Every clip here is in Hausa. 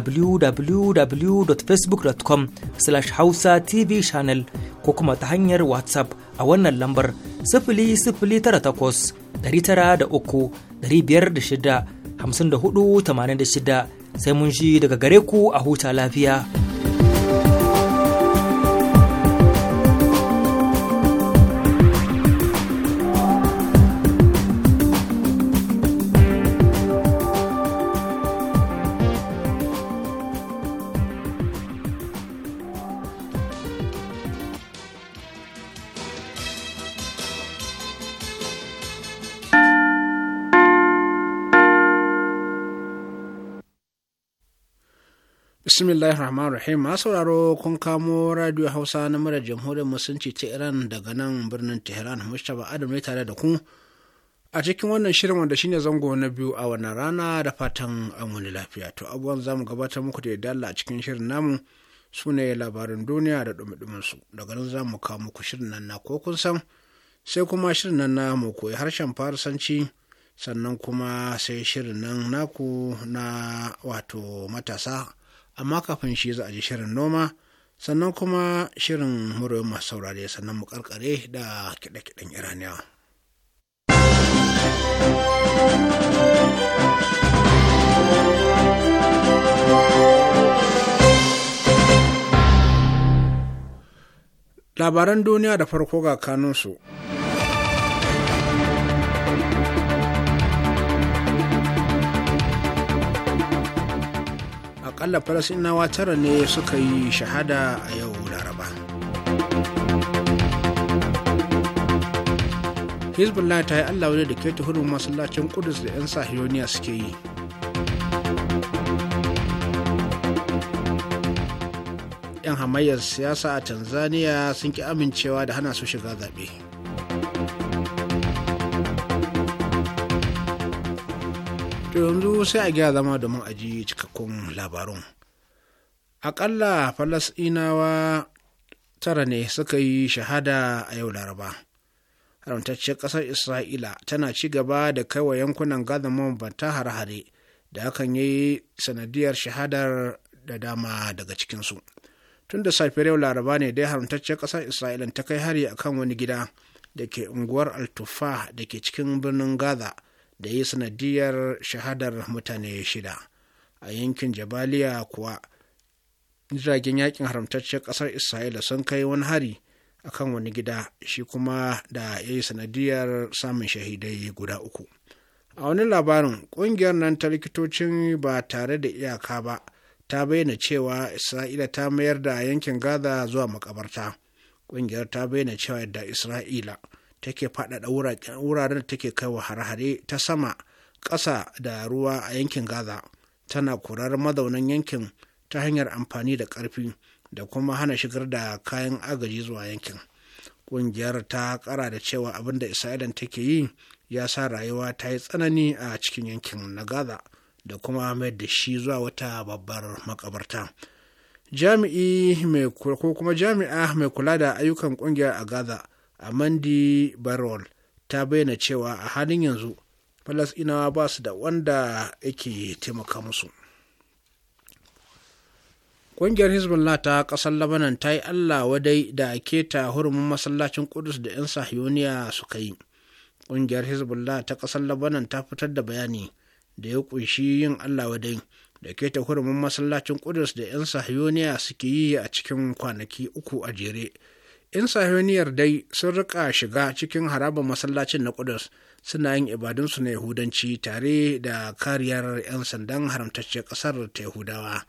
www.facebook.com slash hausa tv channel ko kuma ta hanyar whatsapp a wannan lambar sifili sifili da takwas tara uku shida hamsin da hudu tamanin da shida sai mun ji daga gare ku a huta lafiya. bismillahir rahman rahim ma sauraro kun kamo radio hausa na Mara jamhuriyar musulunci ta iran daga nan birnin tehran mustapha adam ne tare da ku a cikin wannan shirin wanda shine zango na biyu a wannan rana da fatan an wani lafiya to abubuwan za mu gabatar muku da ya dala a cikin shirin namu su ne labarin duniya da dumi su daga nan za mu kawo muku shirin nan na ko kun san sai kuma shirin nan na mu koyi harshen farsanci sannan kuma sai shirin nan naku na wato matasa amma kafin shi za a ji shirin noma sannan kuma shirin muryoyin masu saurare sannan mu karkare da kiɗe-kiɗen iraniya labaran duniya da farko ga kanunsu. akalla falasinawa tara ne suka yi shahada a yau laraba hezbollah ta yi allah wani da ke tuhurin masallacin kudus da 'yan sahiyoniya suke yi yan hamayyar siyasa a tanzania sun ki amincewa da hana su shiga zaɓe. to yanzu sai a gya zama domin a ji cikakkun labarun aƙalla falasɗinawa tara ne suka yi shahada a yau laraba haramtacciyar ƙasar isra'ila tana ci gaba da kaiwa yankunan gaza mabambanta hare-hare da hakan yi sanadiyar shahadar da dama daga cikinsu tun da safiyar yau laraba ne dai haramtacciyar ƙasar isra'ila ta kai hari akan wani gida da ke unguwar altufa da ke cikin birnin gaza da yi sanadiyar shahadar mutane shida a yankin jabaliya kuwa jiragen yakin haramtacciyar kasar isra'ila sun kai wani hari a kan wani gida shi kuma da ya yi sanadiyar samun shahidai guda uku a wani labarin kungiyar nan ta likitocin ba tare da iyaka ba ta bayyana cewa isra'ila ta mayar da yankin gaza zuwa makabarta kungiyar ta bayyana cewa yadda isra'ila take faɗaɗa wuraren da take kaiwa hare-hare ta sama ƙasa da ruwa a yankin gaza tana kurar mazaunan yankin ta hanyar amfani da ƙarfi da kuma hana shigar da kayan agaji zuwa yankin ƙungiyar ta ƙara da cewa abin da isa'ilan take yi ya sa rayuwa ta yi tsanani a cikin yankin na gaza da kuma mai da shi zuwa wata babbar makabarta jami'i mai ko kuma jami'a mai kula da ayyukan ƙungiyar a gaza amandi barol ta bayyana cewa a halin yanzu falasɗinawa ba su da wanda yake taimaka musu ƙungiyar hezbollah ta ƙasar labanan ta yi allah wadai da keta hurumin masallacin kudus da 'yan sahiyoniya suka yi ƙungiyar hezbollah ta ƙasar labanan ta fitar da bayani da ya ƙunshi yin allah wadai da keta hurumin masallacin kudus da 'yan sahiyoniya suke yi a cikin kwanaki uku a jere 'yan sahiyoniyar dai sun rika shiga cikin harabar masallacin na kudus suna yin ibadunsu na yahudanci tare da kariyar 'yan sandan haramtacce kasar ta yahudawa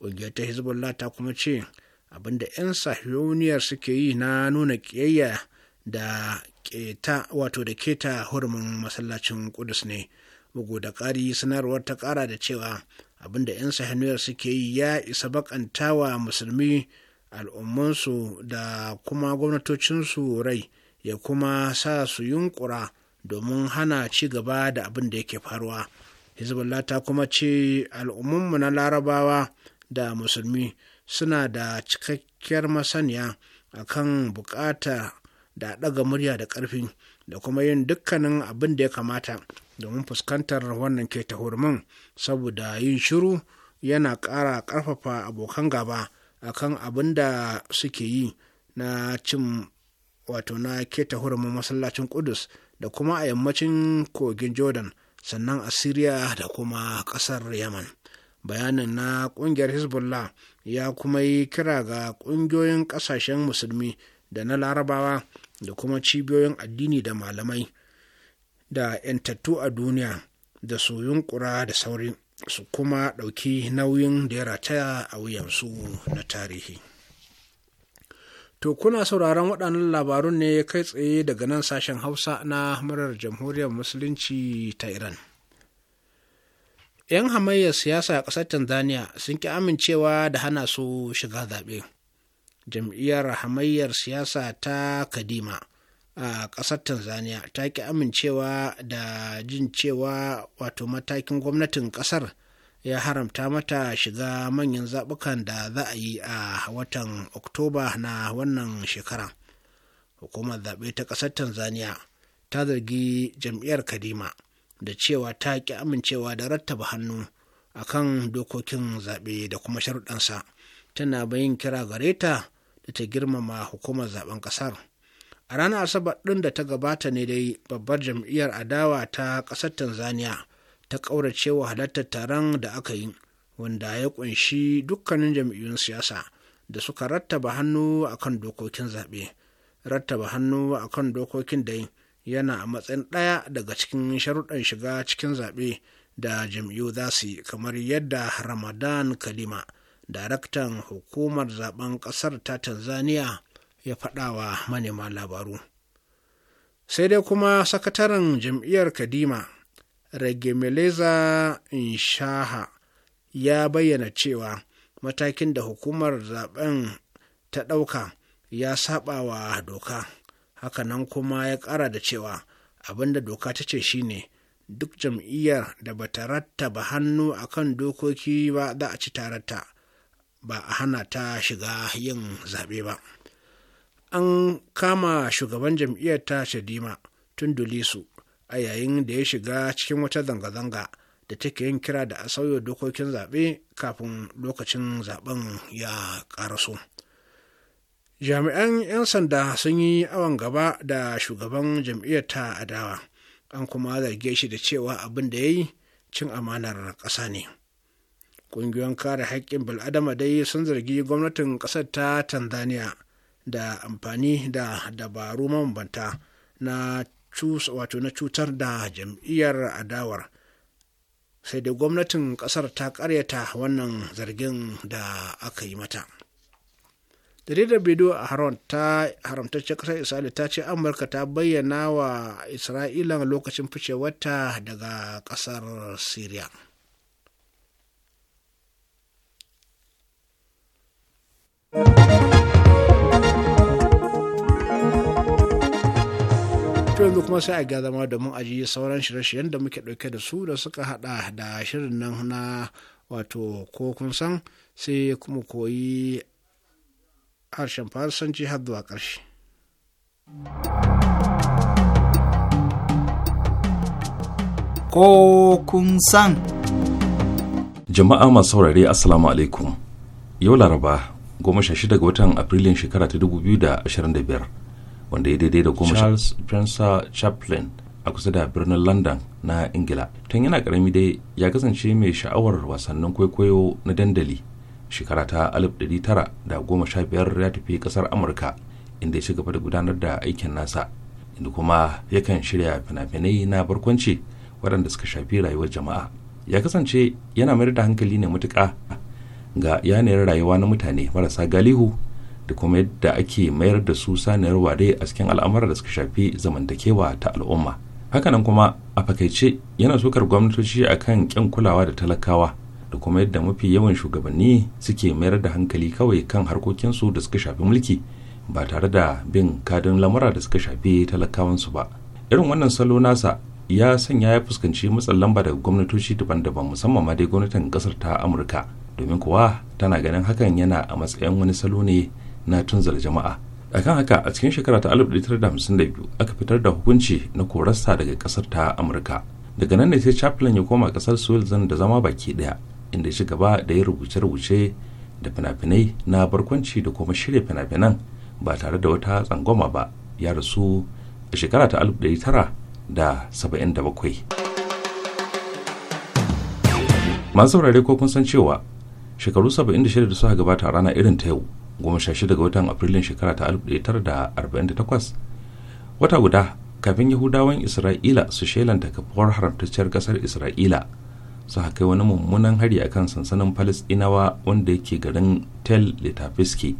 ƙungiyar ta hezbollah ta kuma ce abinda 'yan sahiyoniyar suke yi na nuna ƙiyayya da keta wato da keta hurumin masallacin kudus ne bugu da ƙari sanarwar ta ƙara da cewa abinda 'yan sahiyoniyar suke yi ya isa bakantawa musulmi al'ummansu da kuma gwamnatocinsu rai ya kuma sa su yunkura domin hana ci gaba da abin da yake faruwa hezbollah ta kuma ce al'ummanmu na larabawa da musulmi suna da cikakkiyar masaniya akan bukata da ɗaga murya da ƙarfi da kuma yin dukkanin abin da ya kamata domin fuskantar wannan ke ta saboda yin shiru yana ƙara ƙarfafa abokan gaba akan abin da suke yi na cin wato na keta hurumin masallacin kudus da kuma a yammacin kogin jordan sannan a da kuma kasar yaman bayanin na kungiyar hezbollah ya kuma yi kira ga kungiyoyin kasashen musulmi da na larabawa da kuma cibiyoyin addini da malamai da 'yantattu a duniya da su yunkura da sauri su kuma ɗauki nauyin da ya rataya a wuyansu na tarihi to kuna sauraron waɗannan labarun ne kai tsaye daga nan sashen hausa na murar jamhuriyar musulunci ta iran 'yan hamayyar siyasa a ƙasar tanzania sun ki amincewa da hana su shiga zaɓe jam'iyyar hamayyar siyasa ta kadima a ƙasar tanzania ta ki amincewa da jin cewa wato matakin gwamnatin ƙasar ya haramta mata shiga manyan zaɓukan da za a yi a watan oktoba na wannan shekara hukumar zaɓe ta ƙasar tanzania ta zargi jam'iyyar kadima da cewa ta ki amincewa da rattaba hannu a kan dokokin zaɓe da kuma sharuɗansa tana bayin kira gare ta da ta girmama hukumar zaɓen ƙasar a ranar asabar ɗin da ta gabata ne dai babbar jam'iyyar adawa ta ƙasar tanzania ta wa halartar taron da aka yi wanda ya ƙunshi dukkanin jam'iyyun siyasa da suka rattaba hannu a kan dokokin zaɓe rattaba hannu a kan dokokin dai yana a matsayin ɗaya daga cikin sharuɗan shiga cikin zaɓe da jam'iyyu za su yi kamar yadda ramadan kalima daraktan hukumar zaben ƙasar ta tanzania ya faɗawa manema labaru sai dai kuma sakataren jam'iyyar kadima Rage Meleza inshaha ya bayyana cewa matakin da hukumar zaben ta ɗauka ya saba wa doka hakanan kuma ya ƙara da cewa abinda doka ta ce shine duk jam'iyyar da bata rattaba hannu a kan dokoki ba za a ci tarata ba a hana ta shiga yin zaɓe ba. an kama shugaban jam'iyyar ta shadima lisu a yayin da ya shiga cikin wata zanga-zanga da take yin kira da a sauya dokokin zaɓe kafin lokacin zaɓen ya ƙaraso. jami'an 'yan sanda sun yi awon gaba da shugaban jam'iyyar ta adawa an kuma zarge shi da cewa abin da ya yi cin amanar ƙasa ne ƙungiyoyin kare haƙƙin bil'adama dai sun zargi gwamnatin ƙasar ta tanzania da amfani da dabaru mambanta na wato na cutar da jam'iyyar adawar sai dai gwamnatin kasar ta karyata wannan zargin da aka yi mata jaridar bidiyo a haron ta haramtaccen kasar isra'ila ta ce amurka ta bayyana wa isra'ila lokacin ficewarta daga kasar syria thank you to kuma sai a ga zama mu ajiye sauran shirye-shiryen da muke ɗauke da su da suka haɗa da shirin nan na wato ko kun san sai kuma koyi harshen farsanci har zuwa ƙarshe. Ko kun san. Jama'a masu saurare Assalamu alaikum. Yau Laraba, goma sha shida ga watan Afrilun shekara ta dubu biyu biyar. wanda ya daidai da goma charles spencer chaplin a kusa da birnin london na ingila tun yana karami dai ya kasance mai sha'awar wasannin kwaikwayo na dandali shekara ta alif tara da goma sha biyar ya tafi kasar amurka inda ya ci gaba da gudanar da aikin nasa inda kuma yakan shirya fina-finai na barkwanci waɗanda suka shafi rayuwar jama'a ya kasance yana mayar da hankali ne matuƙa ga yanayin rayuwa na mutane marasa galihu da kuma yadda ake mayar da su saniyar ware a cikin al'amuran da suka shafi zamantakewa ta al'umma hakanan kuma a fakaice yana sukar gwamnatoci akan kyan kulawa da talakawa da kuma yadda mafi yawan shugabanni suke mayar da hankali kawai kan harkokinsu da suka shafi mulki ba tare da bin kadin lamura da suka shafi talakawansu ba irin wannan salo nasa ya sanya ya fuskanci matsin lamba daga gwamnatoci daban-daban musamman ma dai gwamnatin kasar ta amurka domin kuwa tana ganin hakan yana a matsayin wani salo ne na tunzar jama'a a kan haka a cikin shekara ta 1952 aka fitar da hukunci na korasta daga kasar ta amurka daga nan ne sai chaplin ya koma kasar sweden da zama baki daya inda ya ci gaba da ya rubuce-rubuce da fina-finai na barkwanci da kuma shirya fina-finan ba tare da wata tsangwama ba ya rasu a shekara ta 1977 masu saurare ko kun san cewa shekaru 76 da suka gabata rana irin ta yau 16 ga watan afrilun shekara ta 1948 wata guda kafin yahudawan isra'ila su shelanta kafuwar haramtacciyar kasar isra'ila su kai wani mummunan hari a kan sansanin palestinawa wanda yake garin tel litafiski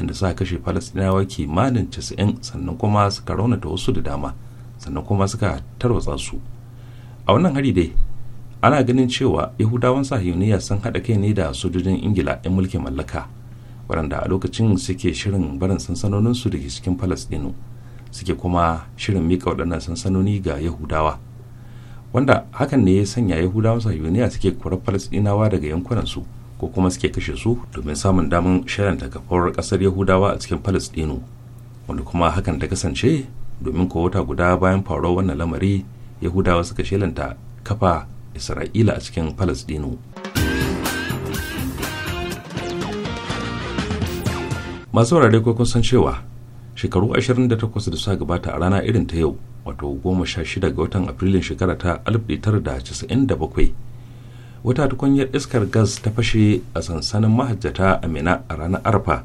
inda su kashe palestinawa kimanin 90 sannan kuma suka raunata wasu da dama sannan kuma suka tarwatsa su a wannan hari dai ana ganin cewa yahudawan sahiyoniya sun haɗa kai ne da sojojin ingila 'yan mulkin mallaka waɗanda a lokacin suke shirin barin sansanonin da ke cikin ɗinu suke kuma shirin mika waɗannan sansanoni ga yahudawa wanda hakan ne ya sanya yahudawan sahiyoniya suke kura ɗinawa daga yankunan su ko kuma suke kashe su domin samun damar shirin kafar ƙasar yahudawa a cikin ɗinu wanda kuma hakan ta kasance domin ko wata guda bayan faruwar wannan lamari yahudawa suka shelanta kafa isra'ila a cikin ɗinu. masu wurare ko kun san cewa shekaru 28 da suka gabata a rana irin ta yau wato 16 ga watan afrilun shekara ta 1997 wata tukunyar iskar gas ta fashe a sansanin mahajjata a mina a ranar arfa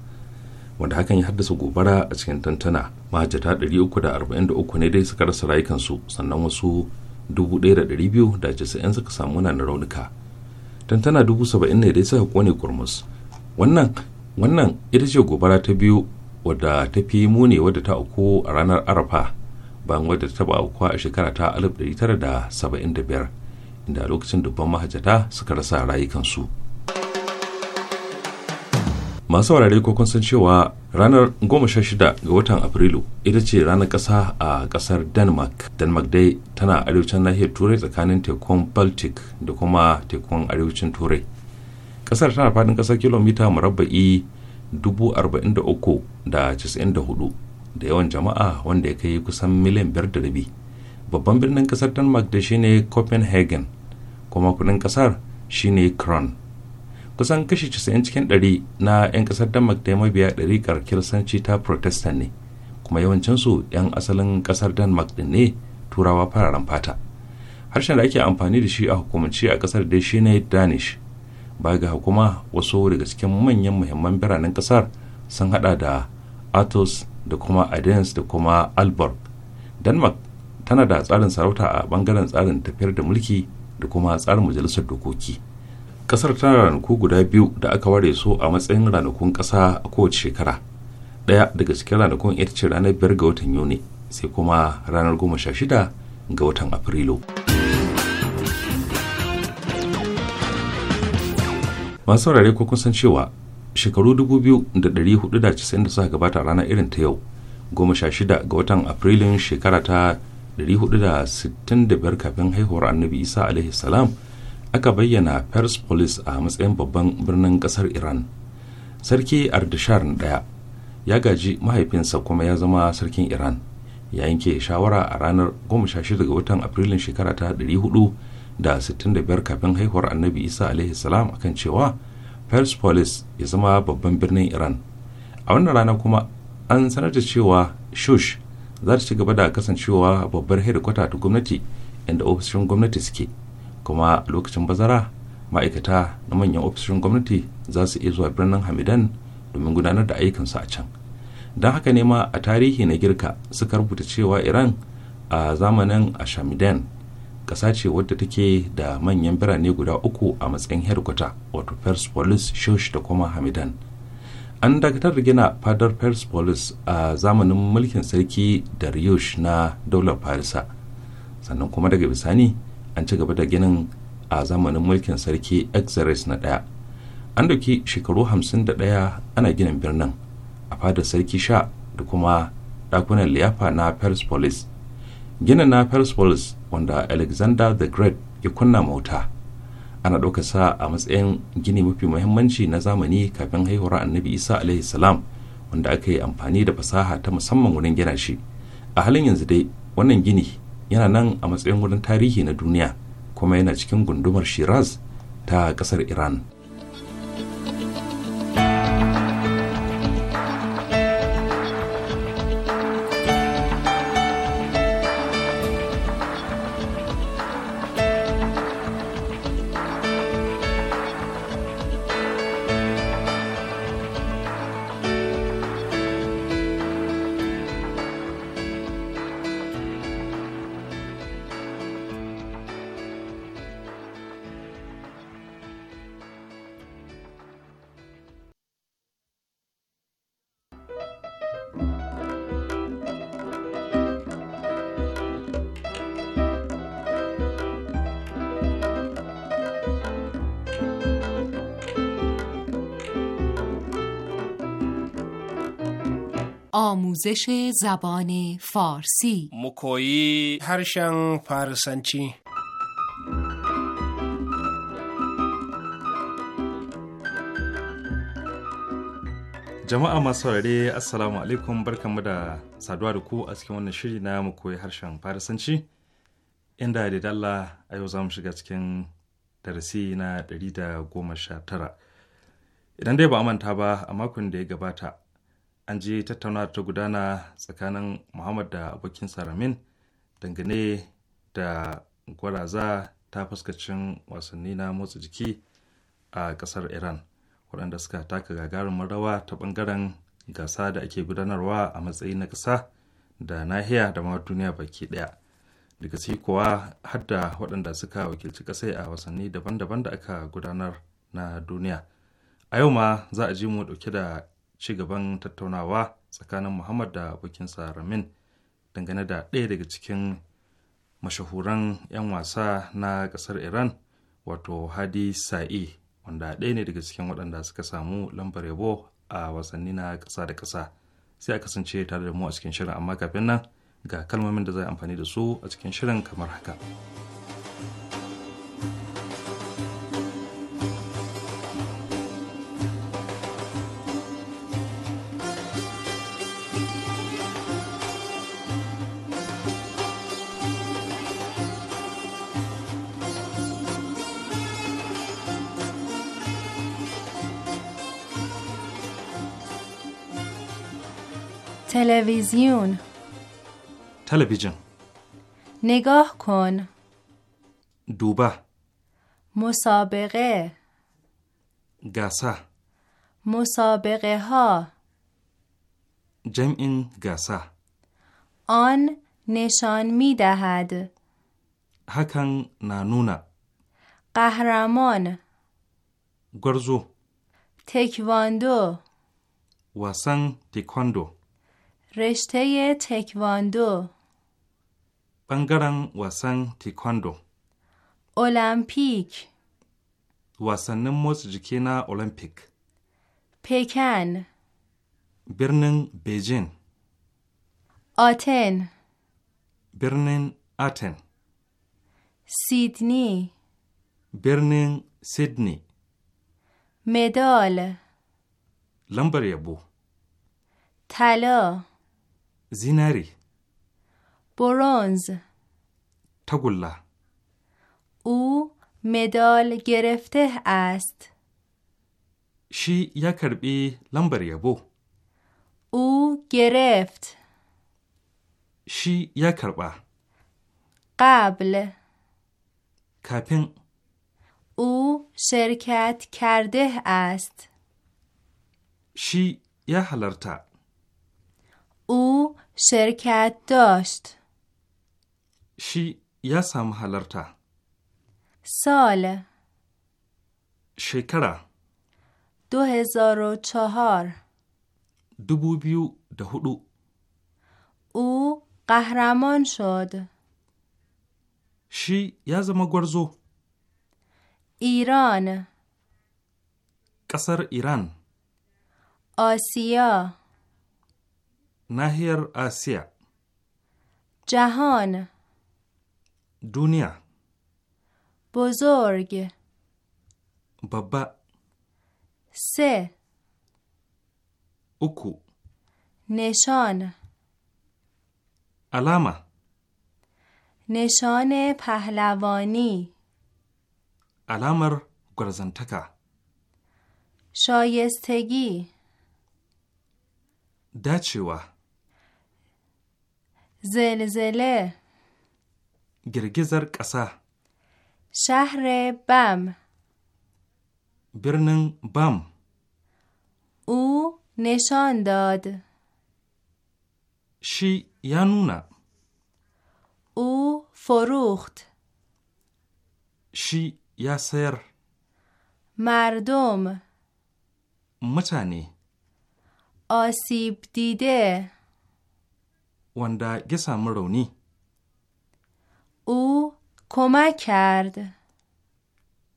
wanda hakan ya haddasa gobara a cikin tantana mahajjata 343 ne dai suka rasa rayukansu sannan wasu 1,290 suka samu na raunuka tantana saba'in ne dai suka kone kurmus wannan wannan ita ce gobara ta biyu wadda ta fi muni wadda ta auku a ranar arafa bayan wadda ta taba auku a shekara ta 1975 inda lokacin dubban mahajjata suka rasa rayukansu masu wurare ko kun san cewa ranar 16 ga watan afrilu ita ce ranar kasa a kasar denmark denmark dai tana arewacin nahiyar turai tsakanin tekun baltic da kuma tekun arewacin turai kasar tana faɗin ƙasar kilomita murabba'i 43,94 da yawan jama'a wanda ya kai kusan miliyan biyar da babban birnin ƙasar denmark da shine copenhagen kuma kudin kasar shine kron kusan kashi 90 cikin 100 na 'yan kasar denmark da mabiya 100 ɗariƙar kirsanci ta protestant ne kuma yawancinsu 'yan asalin kasar denmark ɗin ne turawa fararen fata harshen da ake amfani da shi a hukumance a kasar da shine danish baya ga kuma wasu daga cikin manyan muhimman biranen kasar sun hada da athos da kuma adens da kuma alborg denmark tana da tsarin sarauta a bangaren tsarin tafiyar da mulki da kuma tsarin majalisar dokoki kasar tana ranaku guda biyu da aka ware su a matsayin ranakun kasa a kowace shekara daya daga cikin ranakun ita ce ranar biyar ga watan yuni sai kuma ranar goma sha shida ga watan afrilu. masu saurare ko kun san cewa shekaru 2490 da suka gabata rana irin ta yau goma sha shida ga watan afrilun shekara ta 465 kafin haihuwar annabi isa alaihi salam aka bayyana police a matsayin babban birnin kasar iran sarki ardashar daya ya gaji mahaifinsa kuma ya zama sarkin iran ya yanke shawara a ranar shida ga watan afrilun shekara ta 400 da 65 kafin haihuwar annabi isa alaihi salam akan cewa persepolis ya zama babban birnin iran a wannan rana kuma an sanar da cewa shush za ta ci gaba da kasancewa babbar hedikwata ta gwamnati inda ofishin gwamnati suke kuma a lokacin bazara ma'aikata na manyan ofishin gwamnati za su iya zuwa birnin hamidan domin gudanar da ayyukansu a can don haka ne ma a tarihi na girka suka rubuta cewa iran a zamanin ashamidan ƙasa ce wadda take da manyan birane guda uku a matsayin herkuta wato persepolis shosh da kuma hamidan an dakatar da gina fadar persepolis a zamanin mulkin sarki da dariush na daular farisa sannan kuma daga bisani an ci gaba da ginin a zamanin mulkin sarki exeris na ɗaya an dauki shekaru 51 ana ginin birnin a fadar sarki sha da kuma dakunan liyafa na persepolis gina na persepolis wanda alexander the great ya kunna mota ana ɗauka sa a matsayin gini mafi muhimmanci na zamani kafin haihuwar annabi isa alaihi salam wanda aka yi amfani da fasaha ta musamman wurin gina shi a halin yanzu dai wannan gini yana nan a matsayin wurin tarihi na duniya kuma yana cikin gundumar shiraz ta ƙasar iran آموزش زبان فارسی مکویی هرشن فارسنچی jama'a masu saurare assalamu alaikum barkanmu da saduwa da ku a cikin wannan shiri na mu koyi harshen farisanci inda da dalla a yau za mu shiga cikin darasi na 119 idan dai ba a manta ba a makon da ya gabata an ji tattauna ta gudana tsakanin muhammad da abokin saramin dangane da gwaraza ta fuskacin wasanni na motsa jiki a kasar iran waɗanda suka taka gagarumin rawa ta ɓangaren gasa da ake gudanarwa a matsayi na ƙasa da nahiya da ma duniya baki ɗaya daga si kuwa hadda waɗanda suka wakilci ƙasai a wasanni daban-daban da aka gudanar na duniya a yau ma za a ji mu ɗauke da ci gaban tattaunawa tsakanin muhammad da abokinsa ramin dangane da ɗaya daga cikin mashahuran 'yan wasa na ƙasar iran wato hadi sa'i wanda ɗaya ne daga cikin waɗanda suka samu lambar yabo a wasanni na ƙasa da ƙasa sai a kasance tare da mu a cikin shirin amma kafin nan ga kalmomin da zai amfani da su a cikin shirin kamar haka. تلویزیون تلویزیون نگاه کن دوبه مسابقه گسه مسابقه ها جمع گسه آن نشان می دهد هکن نانونا قهرمان گرزو تکواندو واسن تکواندو رشته تکواندو بنگرن واسن تکواندو المپیک واسنن موز جکی نا المپیک پکن برنن بیجین آتن برنن آتن سیدنی برنن سیدنی مدال لمبر یبو طلا زیناری برونز تگولا او مدال گرفته است شی یا کربی لمبر یبو او گرفت شی یا کربا قبل کپن. او شرکت کرده است شی یا حلرتا او شرکت داشت شی یا سم سال شکره دو هزار و چهار دو بیو او قهرمان شد شی یا گرزو ایران قصر ایران آسیا نهر آسیا جهان دنیا بزرگ بابا سه اکو نشان علامه نشان پهلوانی علامر گرزنتکا شایستگی دچیوه زلزله گرگزر قسا شهر بم برنن بم او نشان داد شی یانونا او فروخت شی یاسر مردم متانی آسیب دیده wanda ya samu rauni. U kuma kard.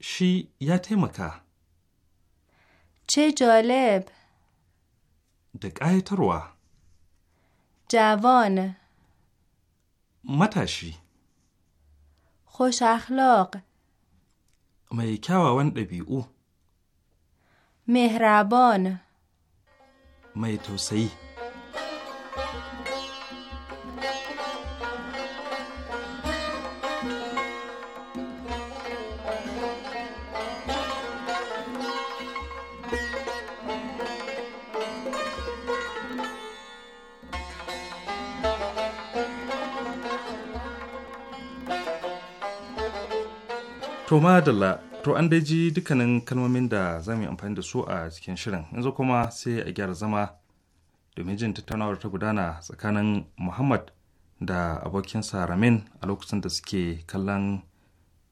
Shi ya taimaka. Ce jaleb. Da ƙayatarwa. Javon. Matashi. Khushakhlaq. Mai kyawawan ɗabi'u. Mihrabon. Mai tausayi. To madalla, to an dai ji dukkanin kalmomin da za mu yi amfani da su a cikin shirin, yanzu kuma sai a gyara zama domin jin tattaunawar ta gudana tsakanin Muhammad da abokinsa Ramin a lokacin da suke kallon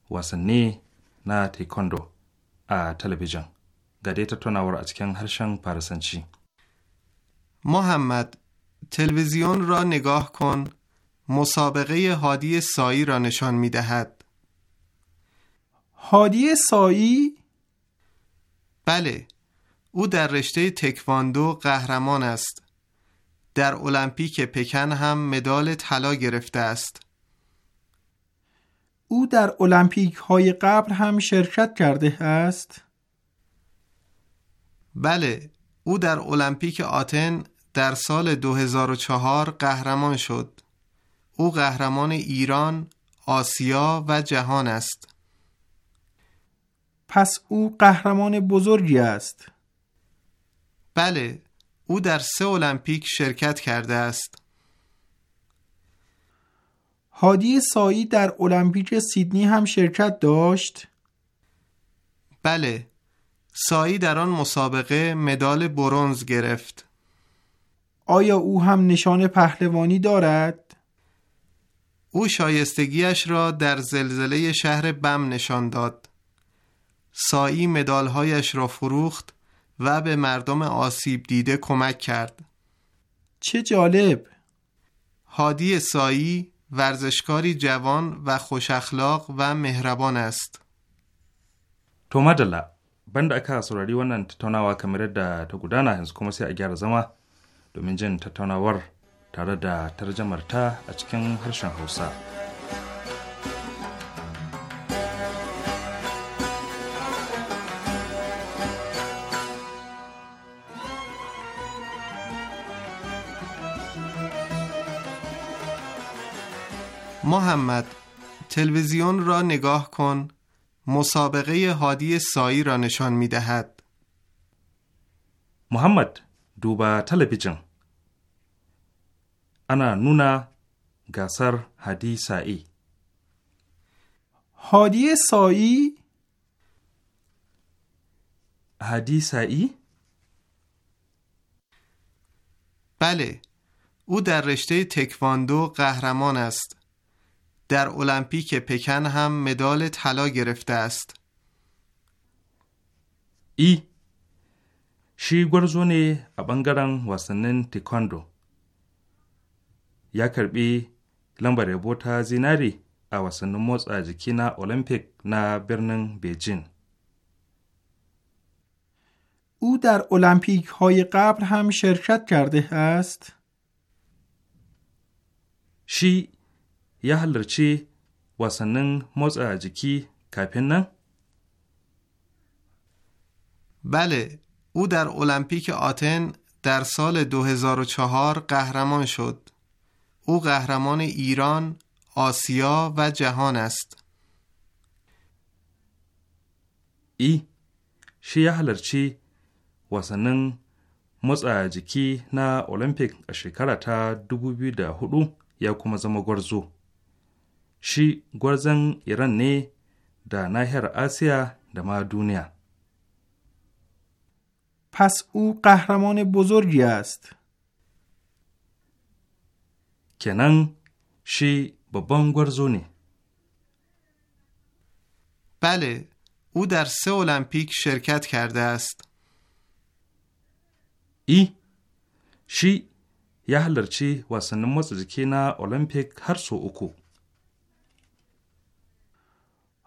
wasanni na taekwondo a talabijin. Ga dai tattaunawar a cikin harshen Farisanci. Muhammad, تلویزیون را نگاه کن مسابقه هادی سایی را نشان می دهد. هادی سایی؟ بله او در رشته تکواندو قهرمان است در المپیک پکن هم مدال طلا گرفته است او در المپیک های قبل هم شرکت کرده است بله او در المپیک آتن در سال 2004 قهرمان شد او قهرمان ایران، آسیا و جهان است پس او قهرمان بزرگی است. بله، او در سه المپیک شرکت کرده است. هادی سایی در المپیک سیدنی هم شرکت داشت؟ بله، سایی در آن مسابقه مدال برونز گرفت. آیا او هم نشان پهلوانی دارد؟ او شایستگیش را در زلزله شهر بم نشان داد. سایی مدالهایش را فروخت و به مردم آسیب دیده کمک کرد چه جالب هادی سایی ورزشکاری جوان و خوش اخلاق و مهربان است تو مدلا بند اکا سراری ونن تتانا و کمیره دا تگودانا هنز کمسی اگر زما دومین جن تتانا ور تارد دا ترجمه مرتا اچکن هرشن حوصا محمد تلویزیون را نگاه کن مسابقه هادی سایی را نشان می دهد محمد دوبا تلویزیون انا نونا گسر هادی سایی هادی سایی هادی سایی بله او در رشته تکواندو قهرمان است در المپیک پکن هم مدال طلا گرفته است. ای شی گورزونی ابنگران واسنن تکواندو یا کربی لمبر بوتا زیناری ا واسنن موتسا جیکی نا المپیک نا برنن بیجین او در المپیک های قبل هم شرکت کرده است شی یه حلرچی وسنین موع جیکی کافین بله او در المپیک آتن در سال 2004 قهرمان شد او قهرمان ایران آسیا و جهان است ای شی یه هلرچی وسنین موع نه الیمپیک شیکرا تا دبو ب یا کوم گورزو شی گرزنگ ایران نه در نهر آسیا در ما دنیا پس او قهرمان بزرگی است کنن شی بابان گرزونی بله او در سه المپیک شرکت کرده است ای شی یه halarci wasannin المپیک هر سو هر سو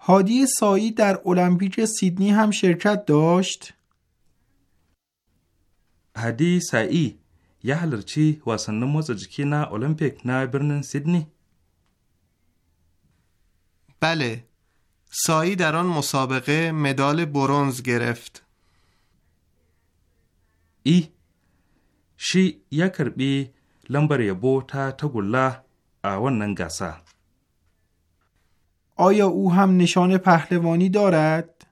هادی سایی در المپیک سیدنی هم شرکت داشت؟ هادی سایی یه چی واسنن موز جکی نه المپیک نه برنن سیدنی؟ بله سایی در آن مسابقه مدال برونز گرفت ای شی یا کربی لمبر یبو تا تگولا آوان ونن آیا او هم نشان پهلوانی دارد؟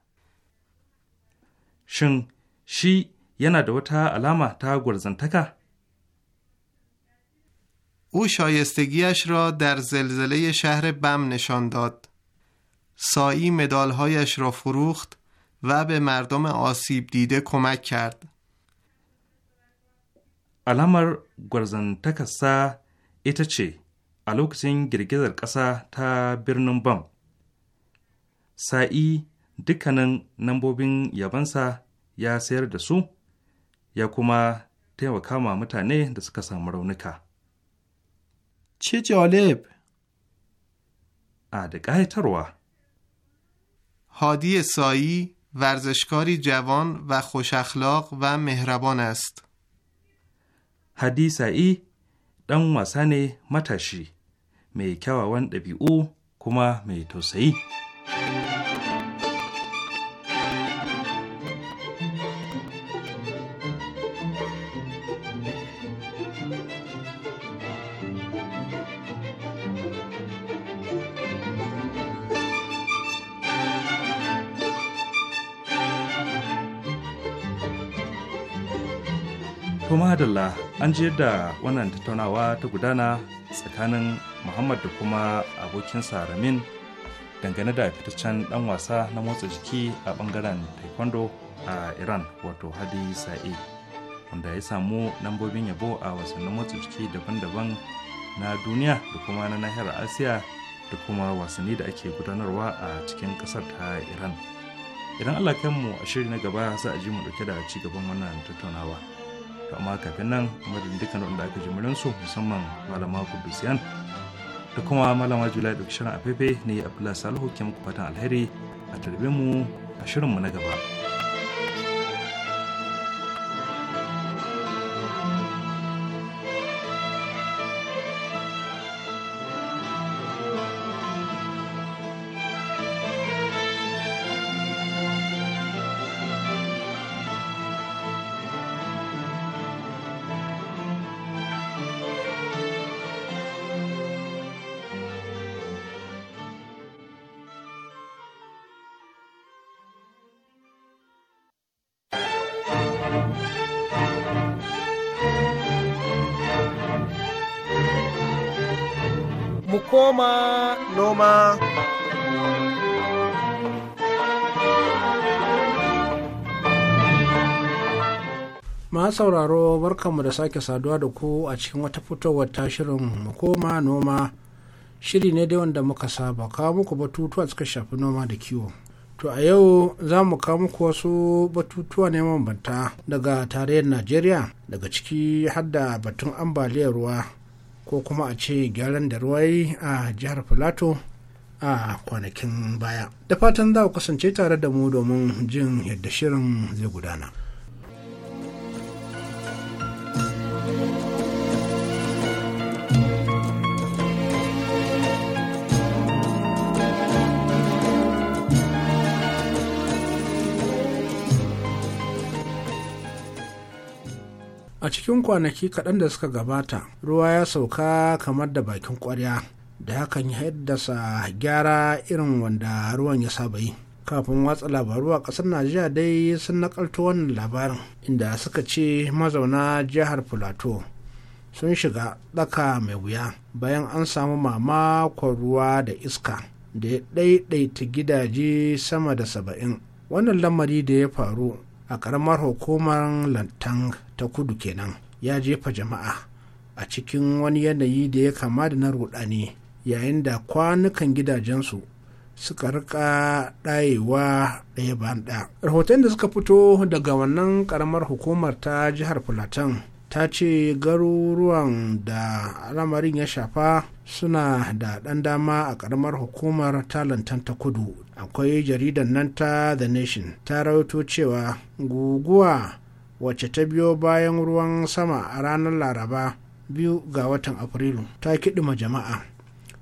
شن شی ینا دو علامه تا او شایستگیش را در زلزله شهر بم نشان داد. سایی مدالهایش را فروخت و به مردم آسیب دیده کمک کرد. علامر گرزنتکسا ایتا چه؟ الوکسین lokacin girgizar تا برنم بم؟ sa’i dukkanin nambobin yabansa ya sayar da su, ya kuma taimaka ma mutane da suka samu raunuka. Cijolib A da ƙayatarwa Hadiyya sa’i warzashkari jawon wa khushakhlaq wa mehraban ast. Hadi sa’i ɗan wasa ne matashi mai kyawawan ɗabi’u kuma mai tausayi. To an ji yadda wannan tattaunawa ta gudana tsakanin Muhammad da kuma abokinsa Ramin dangane da fitaccen dan wasa na motsa jiki a bangaren taekwondo a iran wato hadi sa'i wanda ya samu lambobin yabo a wasannin motsa jiki daban-daban na duniya da kuma na nahiyar asiya da kuma wasanni da ake gudanarwa a cikin kasar ta iran idan allah mu a shiri na gaba za a ji mu dauke da ci gaban wannan tattaunawa to amma kafin nan madadin dukkan wanda aka ji murinsu musamman malama kudusiyan da kuma malama julai da shirin afefe ne a salihu ke muku alheri a tarbe mu a shirinmu na gaba. noma noma ma sauraro barkanmu da sake saduwa da ku a cikin wata fitowar tashirin koma noma shiri ne dai wanda muka saba kawo muku batutuwa suka shafi noma da kiwo to a yau za mu kawo muku wasu batutuwa ne mabanta daga tarayyar najeriya daga ciki hadda batun ambaliyar ruwa ko kuma a ce gyaran da ruwayi a jihar filato a kwanakin baya da fatan za ku kasance tare da mu domin jin yadda shirin zai gudana a cikin kwanaki kaɗan da suka gabata ruwa ya sauka kamar da bakin ƙwarya da hakan ya haddasa gyara irin wanda ruwan ya saba yi kafin watsa labaru a ƙasar najeriya dai sun nakalto wannan labarin inda suka ce mazauna jihar plateau sun shiga tsaka mai wuya bayan an samu mamakon ruwa da iska da ya ɗaiɗaita gidaje sama da saba'in wannan lamari da ya faru a ƙaramar hukumar Lantan ta kudu kenan ya jefa jama'a a cikin wani yanayi da ya kama da na rudani yayin da kwanukan gidajensu suka rika ɗayewa ɗaya bayan ɗaya. rahoton da suka fito daga wannan ƙaramar hukumar ta jihar Fulatan, ta ce garuruwan da al'amarin ya shafa suna da ɗan dama a ƙaramar hukumar talantan ta kudu akwai jaridar nan ta the nation ta rawaito cewa guguwa wacce ta biyo bayan ruwan sama a ranar laraba biyu ga watan afrilu ta kiɗima jama'a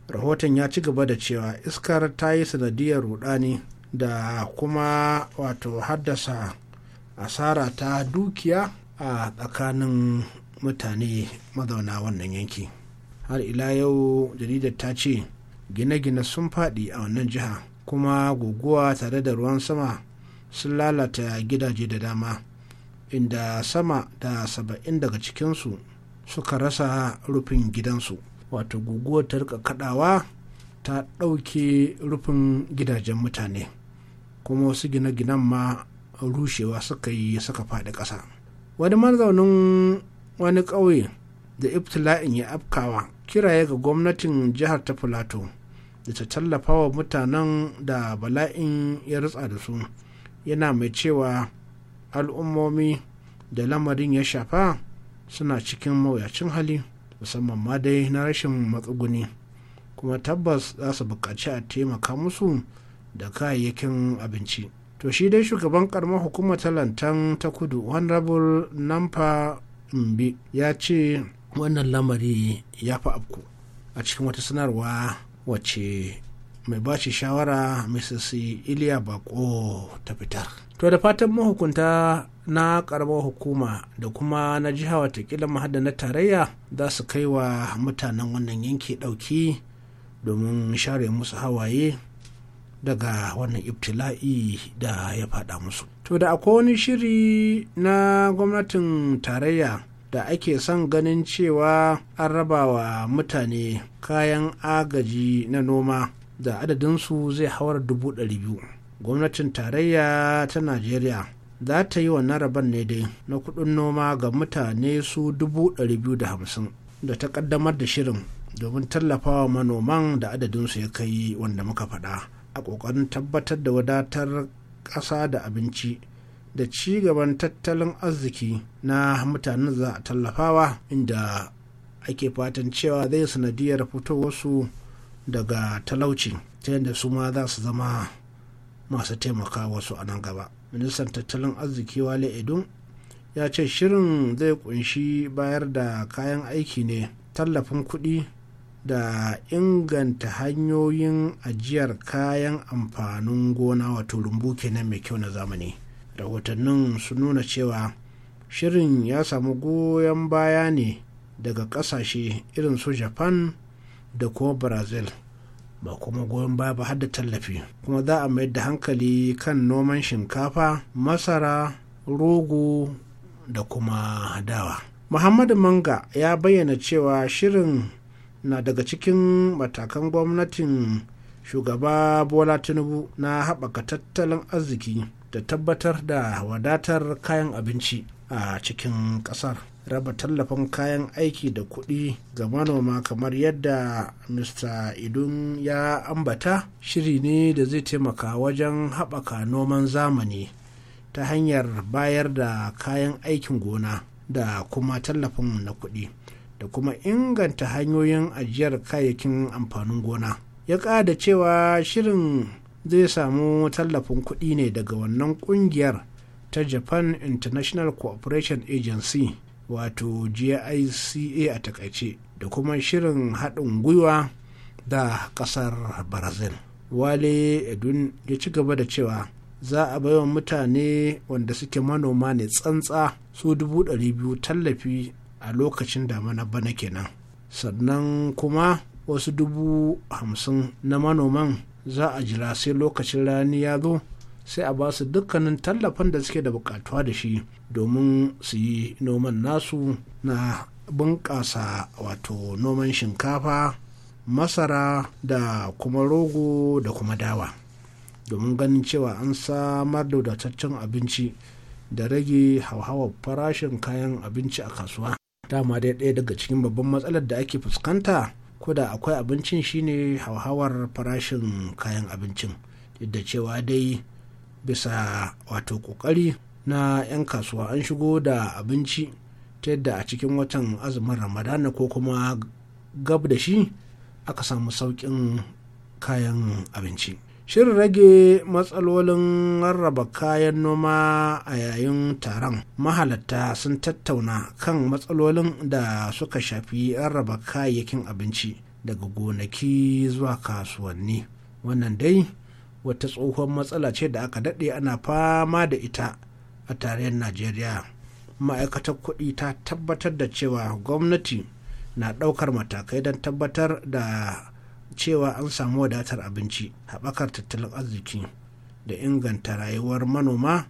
rahoton ya ci gaba da cewa iskar ta yi sanadiyar rudani da kuma wato haddasa asara ta dukiya a tsakanin mutane mazauna wannan yanki. har ila yau jaridar ta ce gine-gine sun faɗi a wannan jiha kuma guguwa tare da ruwan sama sun lalata gidaje da dama inda sama da saba'in daga cikinsu suka rasa rufin gidansu wato guguwar ta rika kadawa ta ɗauke rufin gidajen mutane kuma wasu gine-ginen ma rushewa suka yi suka faɗi ƙasa wani mazaunin wani ƙauye da ibtila'in ya afkawa kiraye ga gwamnatin jihar ta filato da ta tallafa wa mutanen da bala'in ya rutsa da su yana mai cewa al'ummomi da lamarin ya shafa suna cikin mawuyacin hali musamman ma dai na rashin matsuguni kuma tabbas za su buƙaci a taimaka musu da kayayyakin abinci to shi dai shugaban karamar hukumar talantan ta kudu honorable namfa mbi ya ce wannan lamari ya fi afku a cikin wata sanarwa wacce mai bashi shawara mrs iliya bako ta fitar to da fatan mahukunta na karamar hukuma da kuma na jiha watakila mahada na tarayya za su kai wa mutanen wannan yanki dauki domin share musu hawaye daga wannan ibtila'i da ya fada musu to da akwai wani shiri na gwamnatin tarayya da ake son ganin cewa an raba wa mutane kayan agaji na noma da adadinsu zai hawar dubu ɗari biyu gwamnatin tarayya ta najeriya za ta yi wannan rabon ne dai na kuɗin noma ga mutane su dubu ɗari biyu da hamsin da ta ƙaddamar da shirin domin tallafawa manoman da adadinsu ya kai wanda muka faɗa a ƙoƙarin tabbatar da wadatar ƙasa da abinci da ci gaban tattalin arziki na mutanen za a tallafawa inda ake fatan cewa zai sanadiyar wasu daga talauci ta yadda su ma za su zama masu taimaka wasu a nan gaba ministan tattalin arziki wale edun ya ce shirin zai kunshi bayar da kayan aiki ne tallafin kuɗi da inganta hanyoyin ajiyar kayan amfanin gona wato rumbu kenan mai kyau na zamani rahotannin su nuna cewa shirin ya samu goyon baya ne daga kasashe irin su japan da kuma brazil ba kuma goyon baya ba har da tallafi kuma za a mayar da hankali kan noman shinkafa masara rogo da kuma dawa muhammadu manga ya bayyana cewa shirin na daga cikin matakan gwamnatin shugaba bola tinubu na haɓaka tattalin arziki da tabbatar da wadatar kayan abinci a cikin kasar raba tallafin kayan aiki da kuɗi ga manoma kamar yadda mr idun ya ambata shiri ne da zai taimaka wajen haɓaka noman zamani ta hanyar bayar da kayan aikin gona da kuma tallafin na kuɗi da kuma inganta hanyoyin ajiyar kayayyakin amfanin gona ya ƙada cewa shirin zai samu tallafin kuɗi ne daga wannan ƙungiyar ta japan international cooperation agency wato gica a takaice da kuma shirin haɗin gwiwa da ƙasar brazil wale edun ya ci gaba da cewa za a baiwa mutane wanda suke manoma ne tsantsa su dubu ɗari biyu tallafi a lokacin da damana bana kenan sannan kuma wasu dubu hamsin na manoman za a jira sai lokacin rani ya zo sai a basu dukkanin tallafin da suke da bukatuwa da shi domin su yi noman nasu na bunƙasa wato noman shinkafa masara da kuma rogo da kuma dawa domin ganin cewa an samar da wadataccen abinci da rage hauhawar farashin kayan abinci a kasuwa dama dai ɗaya daga cikin babban matsalar da ake fuskanta koda akwai abincin shine hauhawar farashin kayan abincin yadda cewa dai bisa wato kokari na 'yan kasuwa an shigo da abinci ta yadda a cikin watan azumin ramadana ko kuma gab da shi aka samu sauƙin kayan abinci shirin rage matsalolin rarraba kayan noma a yayin taron mahalatta sun tattauna kan matsalolin da suka shafi rarraba kayayyakin abinci daga gonaki zuwa kasuwanni wannan dai wata tsohon matsala ce da aka daɗe ana fama da ita a tarayyar najeriya ma'aikatar kuɗi ta tabbatar da cewa gwamnati na ɗaukar matakai don tabbatar da cewa an samu wadatar abinci haɓakar tattalin arziki da inganta rayuwar manoma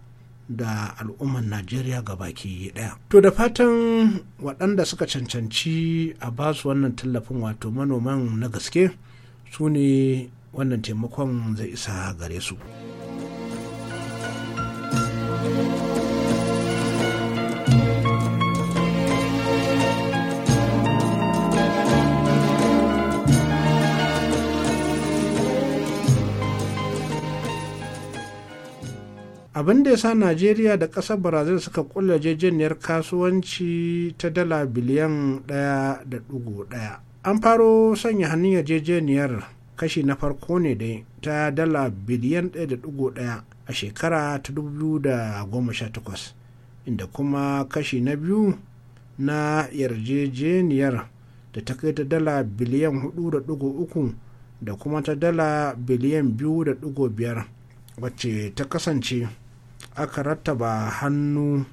da al'ummar najeriya ga baki daya to da fatan waɗanda suka cancanci a basu wannan tallafin wato manoman na gaske su ne wannan taimakon zai isa gare su. abin da ya sa najeriya da ƙasar brazil suka kulla jejeniyar kasuwanci ta dala biliyan 1.1 an faro sanya hannun yarjejeniyar kashi na farko ne dai ta dala biliyan 1.1 a shekara ta 2018 inda kuma kashi na biyu na yarjejeniyar da ta kai ta dala biliyan 4.3 da kuma ta dala biliyan 2.5 wacce ta kasance aka rattaba hannu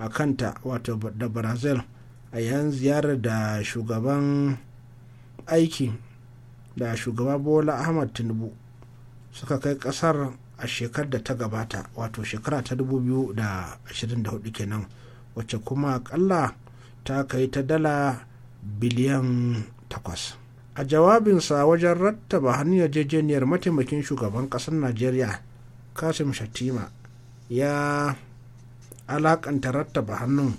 a kanta wato da brazil a yan ziyarar da shugaban aiki da shugaba bola ahmad tinubu suka kai kasar a shekar da ta gabata wato shekara ta 2024 kenan wacce kuma kalla ta kai ta dala biliyan 8 a jawabinsa wajen rattaba hannun yarjejeniyar mataimakin shugaban kasar najeriya kasim shatima ya alakanta rattaba hannun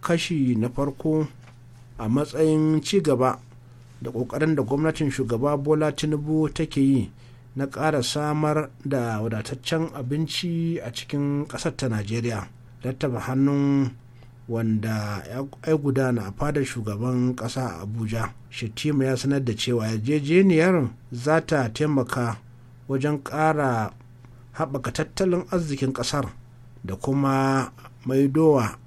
kashi na farko a matsayin ci gaba da ƙoƙarin da gwamnatin shugaba bola tinubu take yi na ƙara samar da wadataccen abinci a cikin ƙasar ta najeriya rattaba hannun wanda ya gudana a fadar shugaban ƙasa a abuja shittima ya sanar da cewa yarjejeniyar za ta taimaka wajen ƙara haɓaka tattalin arzikin ƙasar da kuma maidowa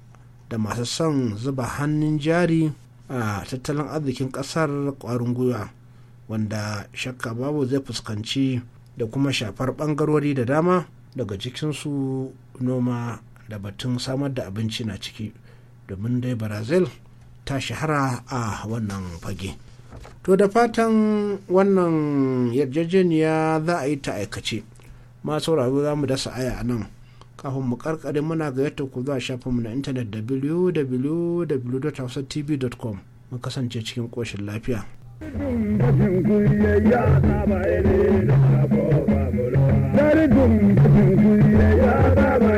da masu son zuba hannun jari a tattalin arzikin ƙasar ƙwarin gwiwa wanda shakka babu zai fuskanci da kuma shafar ɓangarori da dama daga cikinsu noma da batun samar da abinci na ciki domin dai brazil ta shahara a wannan fage to da fatan wannan yarjejeniya za a yi ta aikace masu sauraro za mu dasa aya a nan kafin mu karkare muna ga yadda ku zuwa shafinmu na intanet www.hausatv.com mu kasance cikin koshin lafiya. Dari dum dum kuyi ya ba ba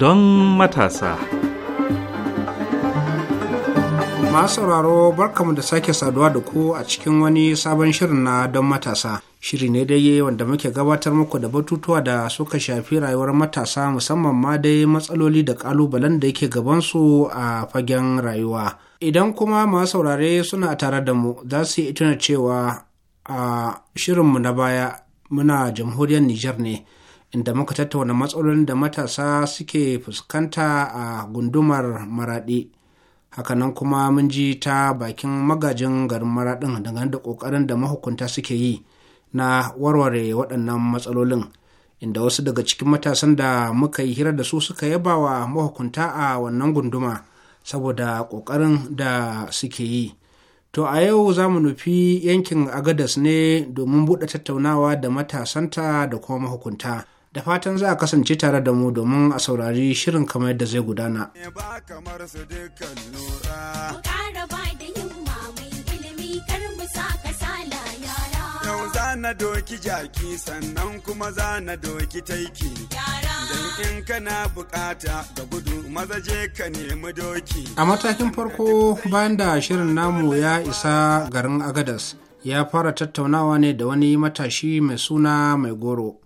don matasa. Masu sauraro barkamu da sake saduwa da ku a cikin wani sabon shirin na don matasa. Shiri ne dai wanda muke gabatar muku da batutuwa da suka shafi rayuwar matasa musamman ma dai matsaloli da kalubalen da yake gabansu a fagen rayuwa. Idan kuma masu saurare suna tare da mu za su yi cewa a shirinmu na baya muna jamhuriyar Nijar ne. inda muka tattauna matsalolin da matasa suke fuskanta a gundumar maraɗi hakanan kuma mun ji ta bakin magajin garin maraɗin dangane da ƙoƙarin da mahukunta suke yi na warware waɗannan matsalolin inda wasu daga cikin matasan da muka yi hira da su suka yaba wa mahukunta a wannan gunduma saboda ƙoƙarin da suke yi to a yau za mu nufi yankin agadas ne domin buɗe tattaunawa da matasanta da kuma mahukunta da fatan za a kasance tare da mu domin a saurari shirin kamar yadda zai gudana. Zana doki jaki sannan kuma zana doki taiki. Don in kana bukata ga gudu maza je ka nemi doki. A matakin farko bayan da shirin namu ya isa garin Agadas ya fara tattaunawa ne da wani matashi mai suna mai goro.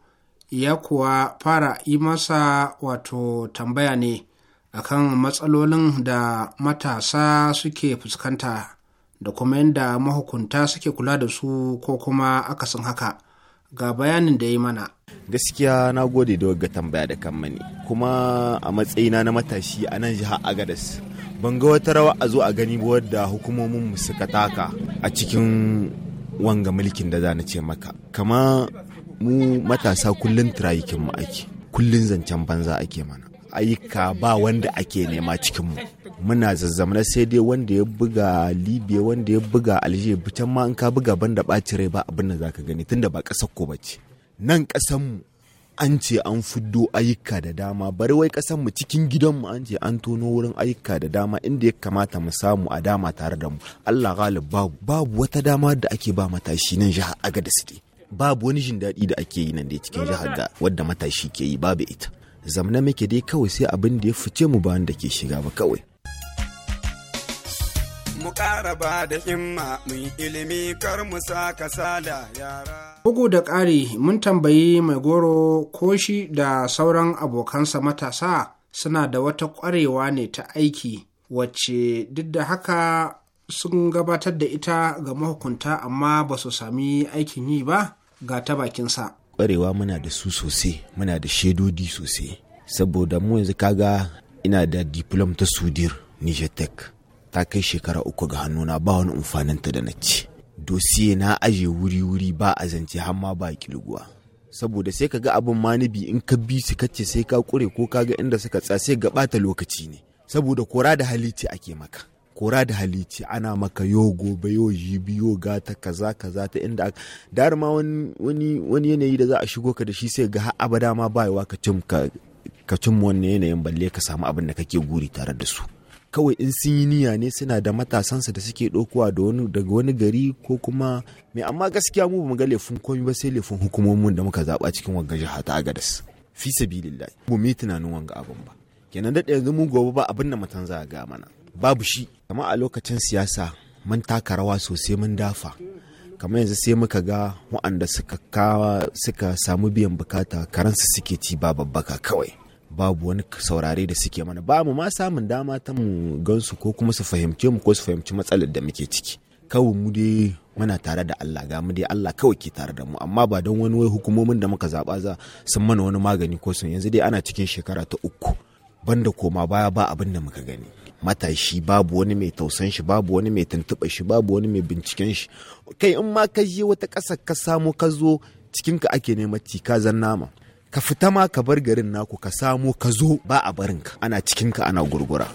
ya kuwa fara yi masa wato tambaya ne akan matsalolin da matasa suke fuskanta da kuma yadda mahukunta suke kula da su ko kuma akasin haka ga bayanin da ya yi mana gaskiya na gode da wagga tambaya da kan mani kuma a matsayina na matashi a nan jihar agadas ban ga wata rawa a zo a gani ba wadda hukumomin mu suka taka a cikin wanga mulkin da za na ce maka kama mu matasa kullum turayikin mu ake kullum zancen banza ake mana ayyuka ba wanda ake nema cikin mu muna zazzamana sai dai wanda ya buga libya wanda ya buga Alger, can ma in ka buga banda ɓaci rai ba abin da zaka gani tunda ba ƙasar ko bace nan ƙasar mu an ce an fuddo ayyuka da dama bari wai ƙasar mu cikin gidan mu an ce an tono wurin ayyuka da dama inda ya kamata mu samu a dama tare da mu Allah galib babu wata dama da ake ba matashi nan jihar su dai babu wani jin daɗi da ake yi nan da cikin jihar da wadda matashi ke yi babu ita zamna muke dai kawai sai abin da ya fice mu ba da ke shiga ba kawai mu ƙara ba da himma mu ilimi kar mu sa kasala yara. Bugu da ƙari mun tambayi mai goro ko shi da sauran abokansa matasa suna da wata ƙwarewa ne ta aiki wacce duk da haka sun gabatar da ita ga mahukunta amma ba su sami aikin yi ba ga ta bakinsa ƙwarewa muna da su sosai muna da shaidodi sosai saboda mu yanzu kaga ina da diplom ta sudir Tech. ta kai shekara uku ga hannuna ba wani amfaninta da na ci dosiye na aje wuri-wuri ba a zance har ma ba kilguwa saboda sai ka ga abin manibi in ka bi su kace sai ka ƙure ko kaga inda suka tsa sai gabata lokaci ne saboda kora da ce ake maka kora da halici ana maka yo gobe yo jibi yo gata kaza kaza ta inda da ma wani wani yanayi da za a shigo ka da shi sai ga har abada ma bayawa ka cim ka ka cim wannan yanayin balle ka samu abin da kake guri tare da su kawai in sun yi niyya ne suna da matasansa da suke dokuwa da wani daga wani gari ko kuma mai amma gaskiya mu bamu ga laifin komai ba sai laifin hukumomin da muka zaba cikin wanga jiha ta agadas fi sabilillah mu mi tunanin wanga abin ba kenan da yanzu mu gobe ba abin da matan za ga mana babu shi amma a lokacin siyasa mun taka rawa sosai mun dafa kamar yanzu sai muka ga waɗanda suka kawa suka samu biyan bukata karansu suke ci ba babbaka kawai babu wani saurare da suke mana ba mu ma samun dama ta mu gansu ko kuma su fahimce mu ko su fahimci matsalar da muke ciki kawai mu dai muna tare da Allah ga mu dai Allah kawai ke tare da mu amma ba don wani wai hukumomin da muka zaba za sun mana wani magani ko sun yanzu dai ana cikin shekara ta uku banda koma baya ba abin da muka gani matashi babu wani mai tausan shi babu wani mai tuntuɓa shi babu wani mai binciken shi kai in ma ka je wata ƙasa ka samo ka zo cikin ka ake neman cika zan nama ka fita ma ka bar garin naku ka samo ka zo ba a barin ka ana cikin ka ana gurgura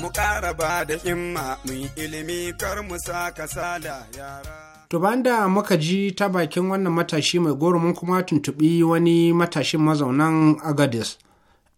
mu ƙara ba da himma mu yi ilimi kar mu sa kasala yara. To da muka ji ta bakin wannan matashi mai goro mun kuma tuntuɓi wani matashin mazaunan Agadez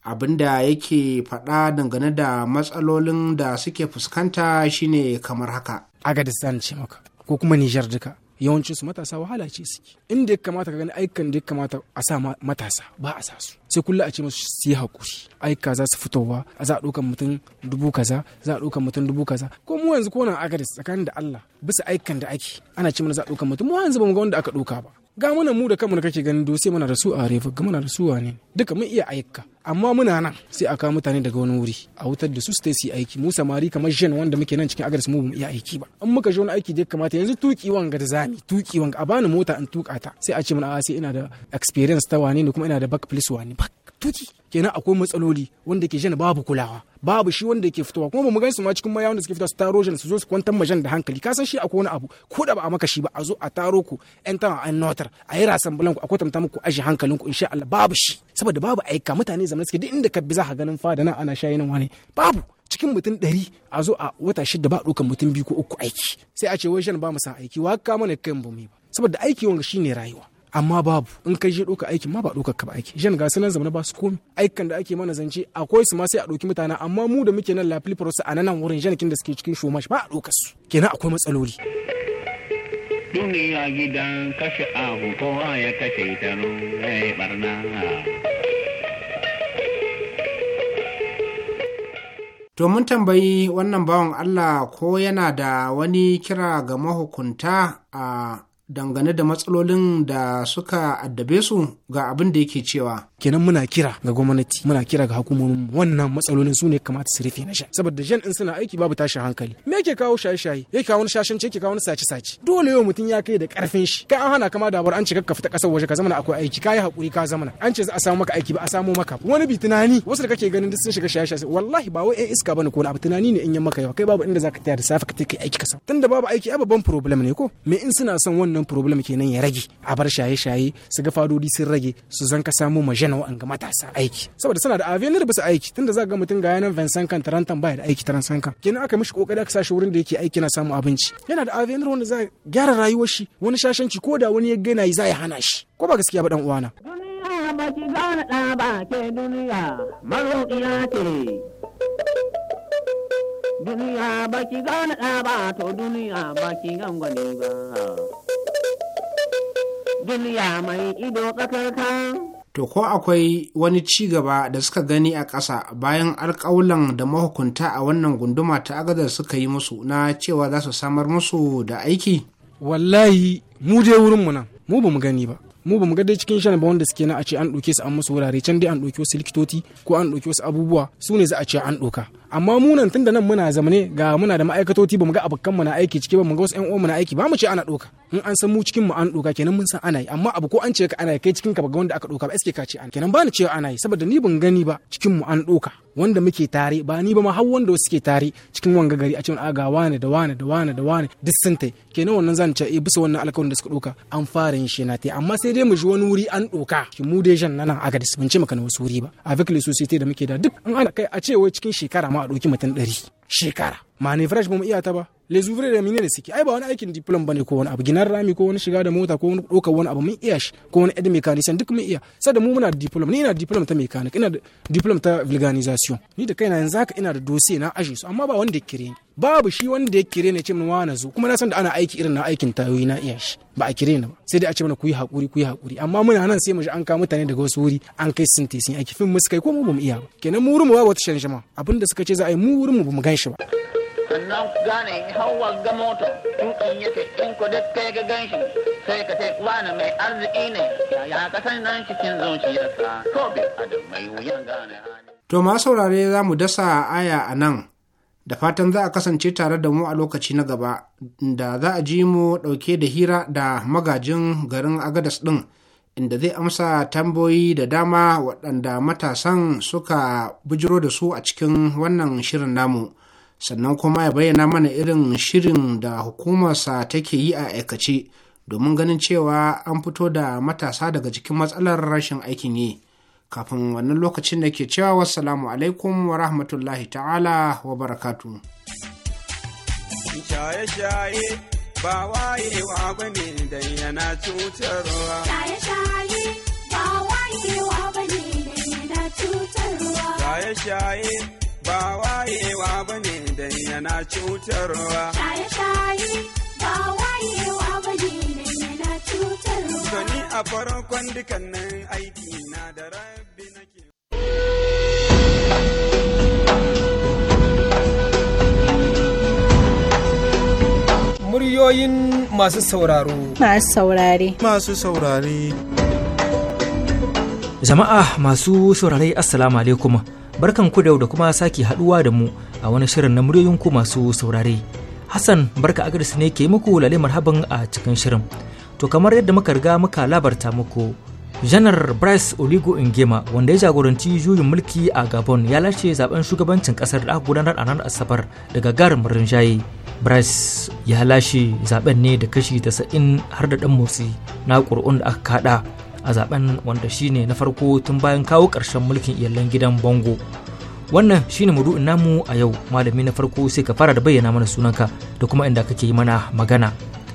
Abin da yake faɗa dangane da matsalolin da suke fuskanta shine kamar haka agadistan ce maka ko kuma nijar duka yawancin su matasa wahala ce suke inda ya kamata ka gani aikan da ya kamata a sa matasa ba a sa su sai kullum a ce musu su yi hakuri aika za su fitowa za a ɗaukar mutum dubu kaza za a ɗaukar mutum dubu kaza ko mu yanzu ko nan agadis tsakanin da Allah bisa aikan da ake ana ce mana za a ɗaukar mutum mu yanzu ba mu ga wanda aka ɗauka ba ga mana mu da kanmu da kake ganin dose mana da su a refa ga mana da su ne duka mun iya aika amma muna nan sai a kawo mutane daga wani wuri a wutar da su su yi aiki mu samari kamar jen wanda muke nan cikin agaris mu mu iya aiki ba an muka je wani aiki da kamata yanzu tuki wanga da zami tuki wanga a bani mota in tuka ta sai a ce muna a sai ina da experience ta wani ne kuma ina da back place wani back tuki kenan akwai matsaloli wanda ke jen babu kulawa babu shi wanda ke fitowa kuma mu gan su ma cikin maya wanda suke fitowa su taro jen su zo su kwantar majan da hankali ka san shi akwai wani abu ko da ba a maka shi ba a zo a taro ku yan tawa an notar a yi rasan ku a kwatanta muku aji ku insha Allah babu shi saboda babu aika mutane zamana suke duk inda ka bi za ka ganin fada nan ana shayi nan wani babu cikin mutum ɗari a zo a wata shida ba ɗaukar mutum biyu ko uku aiki sai a ce wai shan ba mu san aiki wa ka mana kan ba ba saboda aiki wanga shine rayuwa amma babu in kai je ɗauka aikin ma ba ɗaukar ka ba aiki jan ga sunan zamana ba su komi aikan da ake mana zance akwai su ma sai a ɗauki mutane amma mu da muke nan lafili su a nan wurin janakin da suke cikin shomash ba a ɗaukar su kenan akwai matsaloli. duniya gidan kashe abu kowa ya kashe ita barna To mun tambayi wannan bawan Allah ko yana da wani kira ga mahukunta a ah, dangane da matsalolin da suka addabe su ga abin da yake cewa. Kenan muna kira ga gwamnati, muna kira ga hukumomin wannan matsalolin su ne kamata su rufe na sha. Saboda jan in suna aiki babu tashin hankali. Me yake kawo shaye-shaye? Yake kawo shashin ce yake kawo sace-sace. Dole yau mutum ya kai da karfin shi. Kai an hana kama da bar an cika ka fita kasar waje ka zamana akwai aiki, kai hakuri ka zamana. An ce za a samu maka aiki ba a samu maka. Wani bi tunani, wasu da kake ganin duk sun shiga shaye-shaye. Wallahi ba wai iska bane ko abu tunani ne in yan maka yawa. Kai babu inda zaka tayar da safa ka take aiki ka Tunda babu aiki ai babban problem ne ko? Me in suna son wannan ganin problem kenan ya rage a bar shaye-shaye su ga fadodi sun rage su zan ka samu majana ga matasa aiki saboda suna da avenir bisa aiki tunda za ga mutum ga yanan Vincent kan tarantan baya da aiki tarantan kan kenan aka mishi kokari aka sashi wurin da yake aiki na samu abinci yana da avenir wanda za gyara rayuwar shi wani shashanci ko da wani ya gana yi za ya hana shi ko ba gaskiya ba dan uwana duniya baki ki zauna ɗa ba to duniya baki ba duniya mai ido ƙasarta. To ko akwai wani ci gaba da suka gani a ƙasa bayan alƙawulan da mahukunta a wannan gunduma ta agadar suka yi musu na cewa za su samar musu da aiki? Wallahi mu je wurinmu nan mu ba mu gani ba. mu ba mu ga dai cikin shan ba wanda suke na a ce an ɗauke su an musu wurare can dai an ɗauke wasu likitoci ko an ɗauke wasu abubuwa su ne za a ce an ɗauka amma munan tun da nan muna zamane ga muna da ma'aikatoci bamu ga abokan mu na aiki ciki bamu ga wasu ƴan uwan mu na aiki ba mu ce ana doka in an san mu cikin mu an doka kenan mun san ana yi amma abu ko an ce ka ana kai cikin ka ba wanda aka doka ba eske ka ce ana kenan ba ni cewa ana yi saboda ni ban gani ba cikin mu an doka wanda muke tare ba ni ba ma har wanda suke tare cikin wanga gari a cikin aga wane da wane da wane da wane duk sun tai kenan wannan zan ce eh bisa wannan alƙawarin da suka doka an fara yin shi na tai amma sai dai mu ji wani wuri an doka ki mu dai jan nan aga da mun ce maka na wasu wuri ba a fikli society da muke da duk an ana kai a ce wai cikin shekara ma a ɗauki mutum ɗari shekara fresh ba mu iya ta ba les ouvriers da menene suke ai ba wani aikin ba bane ko wani abu ginar rami ko wani shiga da mota ko wani ɗaukar wani abu mun iya shi ko wani ed mechanician duk mun iya sai da mu muna ni ina diplom ta mechanic ina da diplom ta vulganisation ni da kaina yanzu haka ina da dossier na aji su amma ba wanda ya kire ni babu shi wanda ya kire ni ce mun wani zo kuma na san da ana aiki irin na aikin tayoyi na iya shi ba a kire ni ba sai dai a ce mana ku yi hakuri ku yi hakuri amma muna nan sai mu ji an kawo mutane daga wasu wuri an kai sun sun aiki fim mu ko mu ba mu iya ba kenan mu wurin mu ba wata shanshama abinda suka ce za a yi mu wurin mu ba mu gan shi ba sannan gane hawa ga mota tukan yake in ko da kai ga ganshi sai ka ce wani mai arziki ne yaya ka san nan cikin zuciyarsa ko bi adam mai wuyan gane to ma saurare za mu dasa aya a nan da fatan za a kasance tare da mu a lokaci na gaba da za a ji mu ɗauke da hira da magajin garin agadas ɗin inda zai amsa tambayoyi da dama waɗanda matasan suka bujiro da su a cikin wannan shirin namu sannan kuma ya bayyana mana irin shirin da hukumarsa take yi a aikace domin ganin cewa an fito da matasa daga cikin matsalar rashin aikin yi kafin wannan lokacin da ke cewa wassalamu alaikum wa rahmatullahi ta'ala wa barakatu. shaye-shaye Shaye-shaye ba wayewa ba ne dan yana cutarwa. Shaye-shaye ba wayewa ba ne dan yana cutarwa. Gani a farkon dukannin aiki na da rabbi ke Muryoyin masu sauraro. Masu saurare. Masu saurare. Jama'a masu saurare Assalamu alaikum. barkan ku da kuma sake haduwa da mu a wani shirin na muryoyin ku masu saurare. Hassan barka agris ne ke muku lale marhaban a cikin shirin. To kamar yadda muka riga muka labarta muku janar Bryce Oligo Ingema wanda ya jagoranci juyin mulki a Gabon ya lashe zaben shugabancin kasar da aka gudanar a ranar Asabar daga garin rinjaye. Bryce ya lashe zaben ne da kashi 90 har da dan motsi na ƙuri'un da aka kada a zaben wanda shine na farko tun bayan kawo ƙarshen mulkin iyalan gidan bango wannan shine mudu namu a yau malami na farko sai ka fara da bayyana mana sunanka da kuma inda kake yi mana magana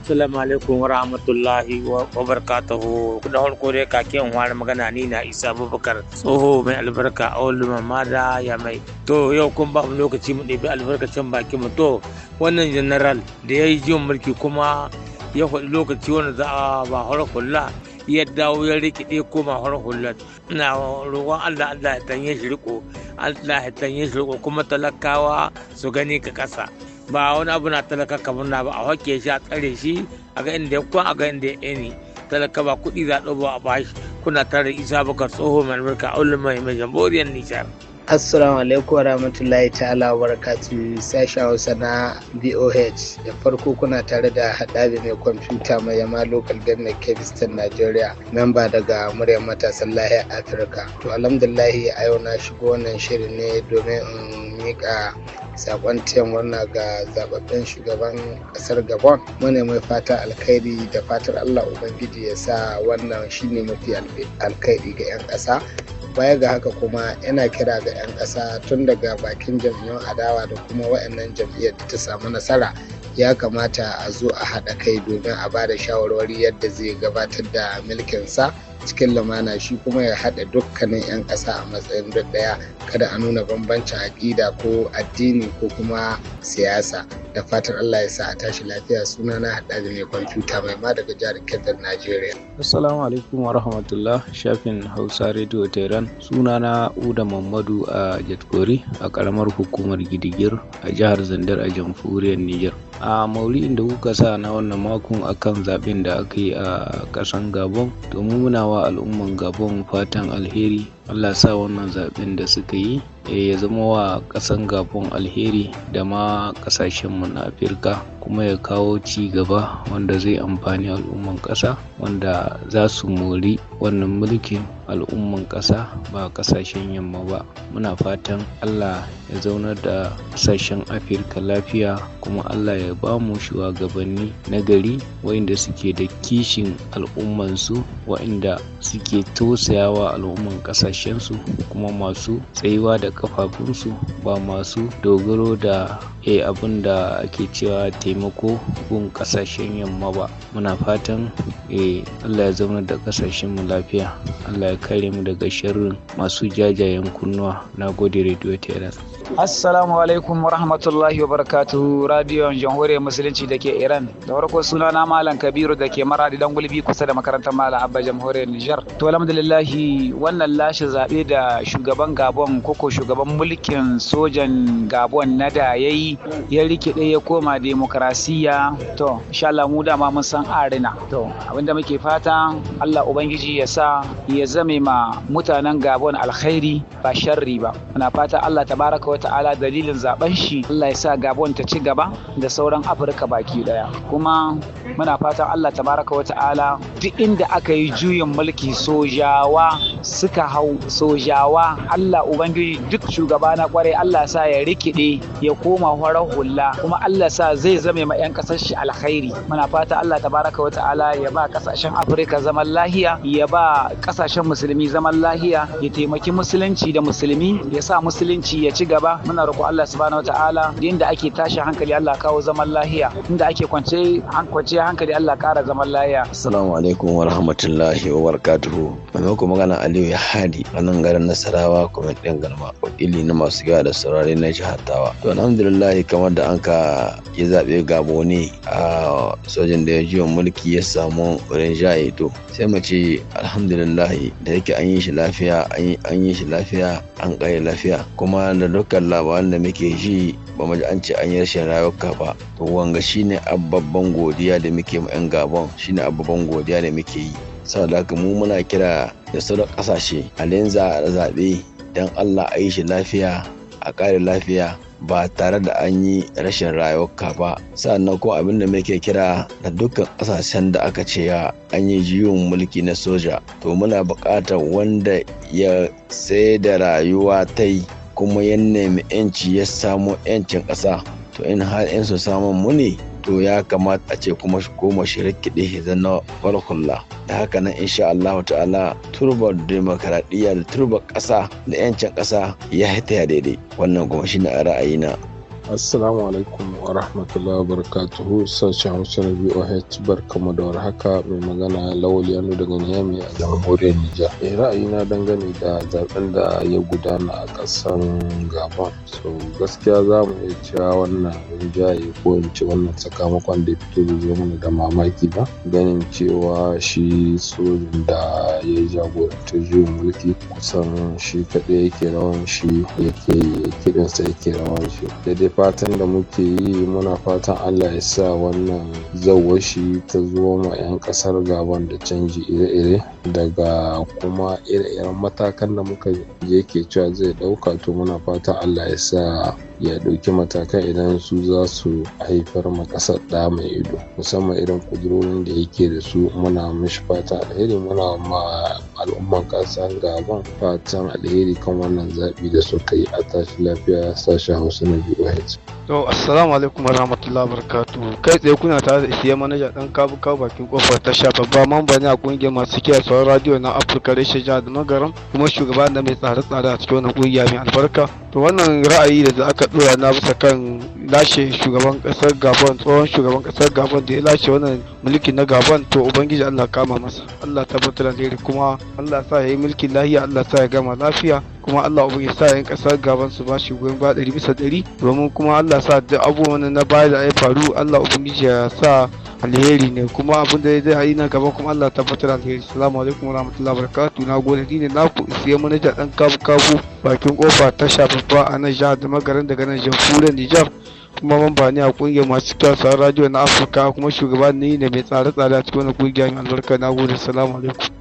assalamu alaikum wa rahmatullahi wa barakatuhu da dai wani magana ni na isa abubakar tsoho mai albarka a wani mamada ya mai to yau kun ba mu lokaci mu ɗebi albarkacin baki mu to wannan general da ya yi jiyon mulki kuma ya faɗi lokaci wanda za a ba hura ya dawo ya rikide koma har hulat ina roƙon Allah Allah ya tanye shi riko Allah ya tanye shi riko kuma talakawa su gani ka kasa ba wani abu na talaka kamar na ba a hake shi a tsare shi a ga inda ya kwan a ga inda ya eni talaka ba kuɗi za a ba a bashi kuna tare isa baka tsoho mai albarka a mai jamboriyar nijar. Assalamu alaikum wa rahmatullahi ta'ala wa barakatu sashen Hausa na BOH da farko kuna tare da haɗari mai kwamfuta mai yama local government Kevistan Nigeria memba daga muryar matasan lahiyar Afirka. To alhamdulillahi a yau na shigo wannan shirin ne domin in mika sakon tiyan murna ga zababben shugaban ƙasar Gabon. Mune mai fata alkhairi da fatar Allah Ubangiji ya sa wannan shine mafi alkhairi ga 'yan ƙasa baya ga haka kuma yana kira ga 'yan ƙasa tun daga bakin jami'an adawa da kuma wa'annan jam'iyyar da ta samu nasara ya kamata a zo a haɗa kai domin a ba da shawarwari yadda zai gabatar da mulkinsa cikin lumana shi kuma ya haɗa dukkanin 'yan ƙasa a matsayin duk ɗaya kada a nuna bambancin aƙida ko addini ko kuma siyasa da fatan Allah ya sa a tashi lafiya suna na haɗa da mai kwamfuta mai ma daga jihar Kebbin Najeriya. Assalamu alaikum wa rahmatullah shafin Hausa Radio Tehran suna na Uda Mamadu a Jatkori a karamar hukumar Gidigir a jihar Zandar a jamhuriyar Niger. a maulidin da kuka sa na wannan makon akan zaɓen da aka yi a ƙasan gabon domin muna muna wa al'umman Gabon fatan alheri. allah sa wannan zaɓen da suka yi eh, ya zama wa ƙasan gabon alheri da ma ƙasashenmu na afirka kuma ya kawo ci gaba wanda zai amfani al'umman ƙasa wanda za su mori wannan mulkin al'umman ƙasa ba ƙasashen yamma ba muna fatan allah ya zauna da ƙasashen afirka lafiya kuma allah ya ba mu shugabanni na gari wa'inda suke da kishin al'ummansu wa'inda suke tausayawa al'umman ƙasashen kasashensu kuma masu tsayuwa da kafafunsu ba masu dogaro da e abin da ake cewa taimako gun kasashen yamma ba muna fatan e allah ya zaunar da kasashen mu lafiya allah ya kare mu daga sharrin masu jajayen kunnuwa na gode radio teras Assalamu alaikum wa rahmatullahi wa barakatu radiyon jamhuriyar musulunci da ke Iran. Da farko sunana na Malam Kabiru da ke maradi dan gulbi kusa da makarantar Malam Abba jamhuriyar Nijar. To alhamdulillahi wannan lashe zaɓe da shugaban Gabon koko shugaban mulkin sojan Gabon na da yayi ya rikide ya koma demokrasiya. To insha Allah mu dama mun san arina. To abinda muke fata Allah ubangiji ya sa ya zame ma mutanen Gabon alkhairi ba sharri ba. Muna fata Allah tabaraka wata'ala dalilin zaben shi Allah ya sa Gabon ta ci gaba da sauran Afirka baki daya kuma muna fatan Allah tabaraka wata'ala duk inda aka yi juyin mulki sojawa suka hau sojawa Allah ubangiji duk shugaba na kwarai Allah sa ya rikide ya koma horar hulla kuma Allah sa zai zame ma 'yan kasar shi alkhairi muna fatan Allah tabaraka wata'ala ya ba kasashen Afirka zaman lahiya ya ba kasashen musulmi zaman lahiya ya taimaki musulunci da musulmi ya sa musulunci ya ci gaba ba muna roƙo Allah subhanahu wataala inda ake tashi hankali Allah kawo zaman lahiya inda ake kwance kwance hankali Allah kara zaman lahiya assalamu alaikum wa rahmatullahi wa barakatuhu mai ku magana Aliyu hadi a nan garin Nasarawa kuma ɗin garma, wakili na masu yawa da saurare na jihar Tawa to alhamdulillah kamar da an ka zaɓe gabo ne a sojin da ya jiwa mulki ya samu rinjaye to sai mu ce alhamdulillah da yake an yi shi lafiya an yi shi lafiya an kare lafiya kuma da dukkan labaran da muke ji ba mu ji an ce an yi rashin rayuka ba to wanga shine babban godiya da muke mu 'yan gabon shine babban godiya da muke yi saboda haka mu muna kira da sauran ƙasashe a lenza zaɓe don allah a yi shi lafiya a ƙare lafiya ba tare da an yi rashin rayuwa ba sannan kuma abin da muke kira da dukkan ƙasashen da aka ce ya an yi jiyun mulki na soja to muna buƙatar wanda ya sai da rayuwa ta yi kuma ya nemi 'yanci ya samu 'yancin ƙasa to in har 'yan su samun mu ne to ya kamata a ce kuma goma shi rikide zan na farkulla da haka nan insha Allah ta'ala turbar demokaradiyya da turbar kasa da 'yancin ƙasa ya hita daidai wannan kuma shi na ra'ayina Assalamu alaikum wa rahmatullahi wa barakatuhu sashen hausa na BOH kama da haka mai magana Lawal yanu daga Niyami a jamhuriyar Nijar. Eh ra'ayina dangane da zaben da ya gudana a ƙasar Gabon. So gaskiya za mu iya cewa wannan rinjaye ko in ce wannan sakamakon da fito da zo mana da mamaki ba ganin cewa shi sojin da ya jagorantar juyin mulki kusan shi kaɗai yake rawan shi yake kiɗansa yake rawan shi. fatan da muke yi muna fatan allah ya sa wannan zawashi ta zuwa ma 'yan kasar gaban da canji ire-ire daga kuma ire-iren matakan da muka yake cewa zai ɗauka to muna fata Allah ya sa ya ɗauki matakan idan su za su haifar ma ƙasar ɗa mai ido musamman irin kudurorin da yake da su muna mishi fata alheri muna ma al'umman ƙasar gaban fatan alheri kan wannan zaɓi da suka yi a tashi lafiya sashen hausa na biyu To assalamu alaikum warahmatullahi wabarakatuh. Kai tsaye kuna tare da isiye manaja dan kabu bakin kofar ta shafa ba mamba ne a kungiyar masu kiyaye sauran radio na Afirka Reshe Jihar da Magaram kuma shugaba da mai tsare tsare a cikin wannan kungiya mai albarka. To wannan ra'ayi da aka dora na bisa kan lashe shugaban kasar Gabon tsohon shugaban kasar Gabon da ya lashe wannan mulki na Gabon to ubangiji Allah kama masa. Allah tabbatar da kuma Allah sa ya yi mulkin lafiya Allah sa ya gama lafiya. kuma Allah ya sa yan kasar gaban su ba shi goyon ba ɗari bisa ɗari domin kuma Allah sa duk abubuwan na baya da ya faru Allah ubangiji ya sa alheri ne kuma abin da zai hayi nan gaba kuma Allah tabbatar alheri salamu alaikum warahmatullahi wabarakatuh na gode ni ne naku isiye manaja dan kabu kabu bakin kofa ta shafafa a nan jihar da magaran daga nan jamhuriyar Nijar kuma ba ni a kungiyar masu kyautar radio na Afirka kuma shugaban ne ne mai tsare-tsare a cikin wani kungiya mai albarka na gode salamu alaikum.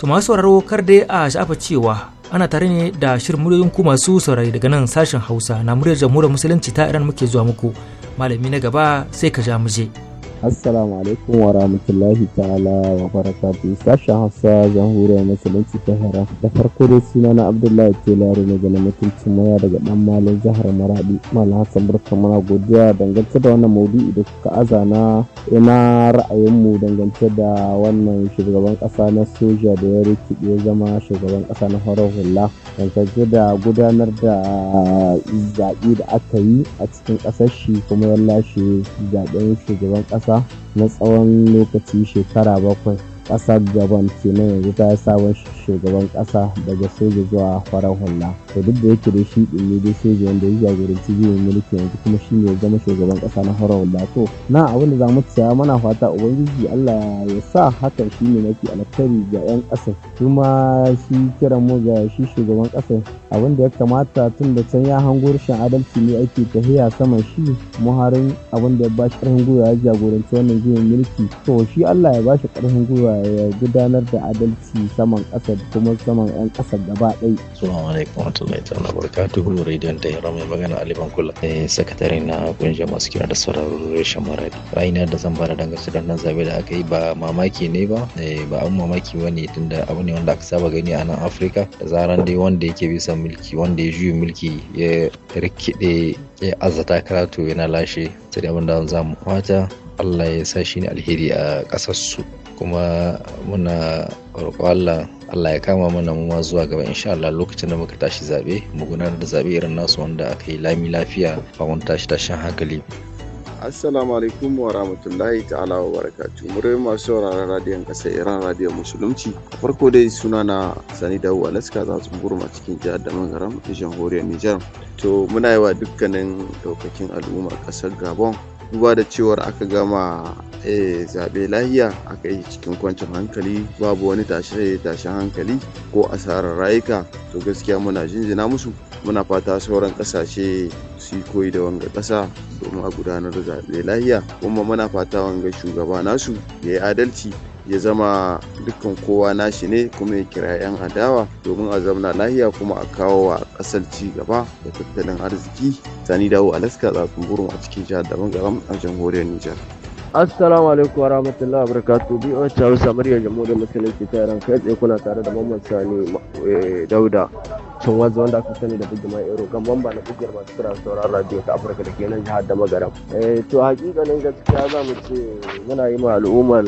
To masu sauraro kar dai a shafa cewa ana tare ne da shirin muryoyin ku masu saurari daga nan sashen hausa na muryar jamhuriyar musulunci ta iran muke zuwa muku malami na gaba sai ka ja muje. assalamu alaikum wa rahmatullahi ta'ala wa barakatuhu sashen hausa jamhuriyar musulunci ta hira da farko dai suna na abdullahi telaro ne ga mutuncin maya daga dan malin jihar maradi malam hassan burka mana godiya dangance da wannan maudu'i da kuka azana ina ra'ayinmu dangance da wannan shugaban ƙasa na soja da ya rikide zama shugaban kasa na farar hula dangance da gudanar da zaɓe da aka yi a cikin ƙasar shi kuma ya lashe zaɓen shugaban ƙasa Amurka na tsawon lokaci shekara bakwai. gaban gaban kenan yanzu ta sabon shugaban kasa daga soja zuwa farar hula to duk da yake da shi ɗin da soja wanda ya jagoranci juyin mulki yanzu kuma shi ne zama shugaban kasa na farar hula to na abin da za mu tsaya mana fata ubangiji allah ya sa haka shi ne mafi alkhairi ga yan ƙasa kuma shi kiran mu ga shi shugaban ƙasa abin da ya kamata tun da can ya hango rashin adalci ne ake tahiya sama shi muharin abin da ya ba shi ƙarfin gwiwa ya jagoranci wannan juyin mulki to shi allah ya bashi shi ƙarfin gwiwa ya gudanar da adalci saman ƙasa kuma saman 'yan ƙasa gaba ɗai. Assalamu alaikum ta ta'ala barakatuhu rediyon Tehran mai magana Ali Bankula eh, sakatare na kungiyar masu kira da sauraron reshen maradi. Ra'ayina da zan bada dangance da nan zabe da aka yi ba mamaki ne ba eh, ba an mamaki ba ne tunda abu ne wanda aka saba gani a nan Afirka da zaran dai wanda yake bisa mulki wanda ya juyi mulki ya rikide ya azata karatu yana lashe sai da abin da za fata Allah ya sa shi ne alheri a ƙasarsu. kuma muna roƙo Allah Allah ya kama mana mu zuwa gaba insha Allah lokacin da muka tashi zabe mu gudanar da zabe irin nasu wanda aka yi lami lafiya ba mun tashi tashin hankali Assalamu alaikum wa rahmatullahi ta'ala wa barakatu. mure masu sauraron radiyon kasar Iran radiyon Musulunci. Farko dai suna na Sani Dawu Alaska za su burma cikin jihar da Mangaram, jamhuriyar Nijar. To muna yi wa dukkanin daukakin al'ummar kasar Gabon duba da cewar aka gama eh, zaɓe lahiya aka yi cikin kwancin hankali babu wani tashe-tashen hankali ko asarar rayuka to gaskiya muna jinjina musu muna fata sauran ƙasashe su yi koyi da wanga ƙasa domin a gudanar da zaɓe lahiya kuma muna fata wanga shugaba nasu ya yi adalci ya zama dukkan kowa nashi ne kuma ya kira 'yan adawa domin a zamna lahiya kuma a kawo wa ƙasar ci gaba da tattalin arziki sani dawo alaska tsatsun burin a cikin jihar daban garam a jamhuriyar nijar Assalamu alaikum warahmatullahi wabarakatuh. Bi wacce Hausa murya jamhuriyar musulunci ta ran kai tsaye kuna tare da Mamman Sani eh, Dauda. Cin wanzu wanda aka sani da bugima Ero kan mamba na bigiyar masu kira sauran radio ta Afirka da ke nan jihar da Magaram. Eh, to hakikanin gaskiya za mu ce muna yi ma al'ummar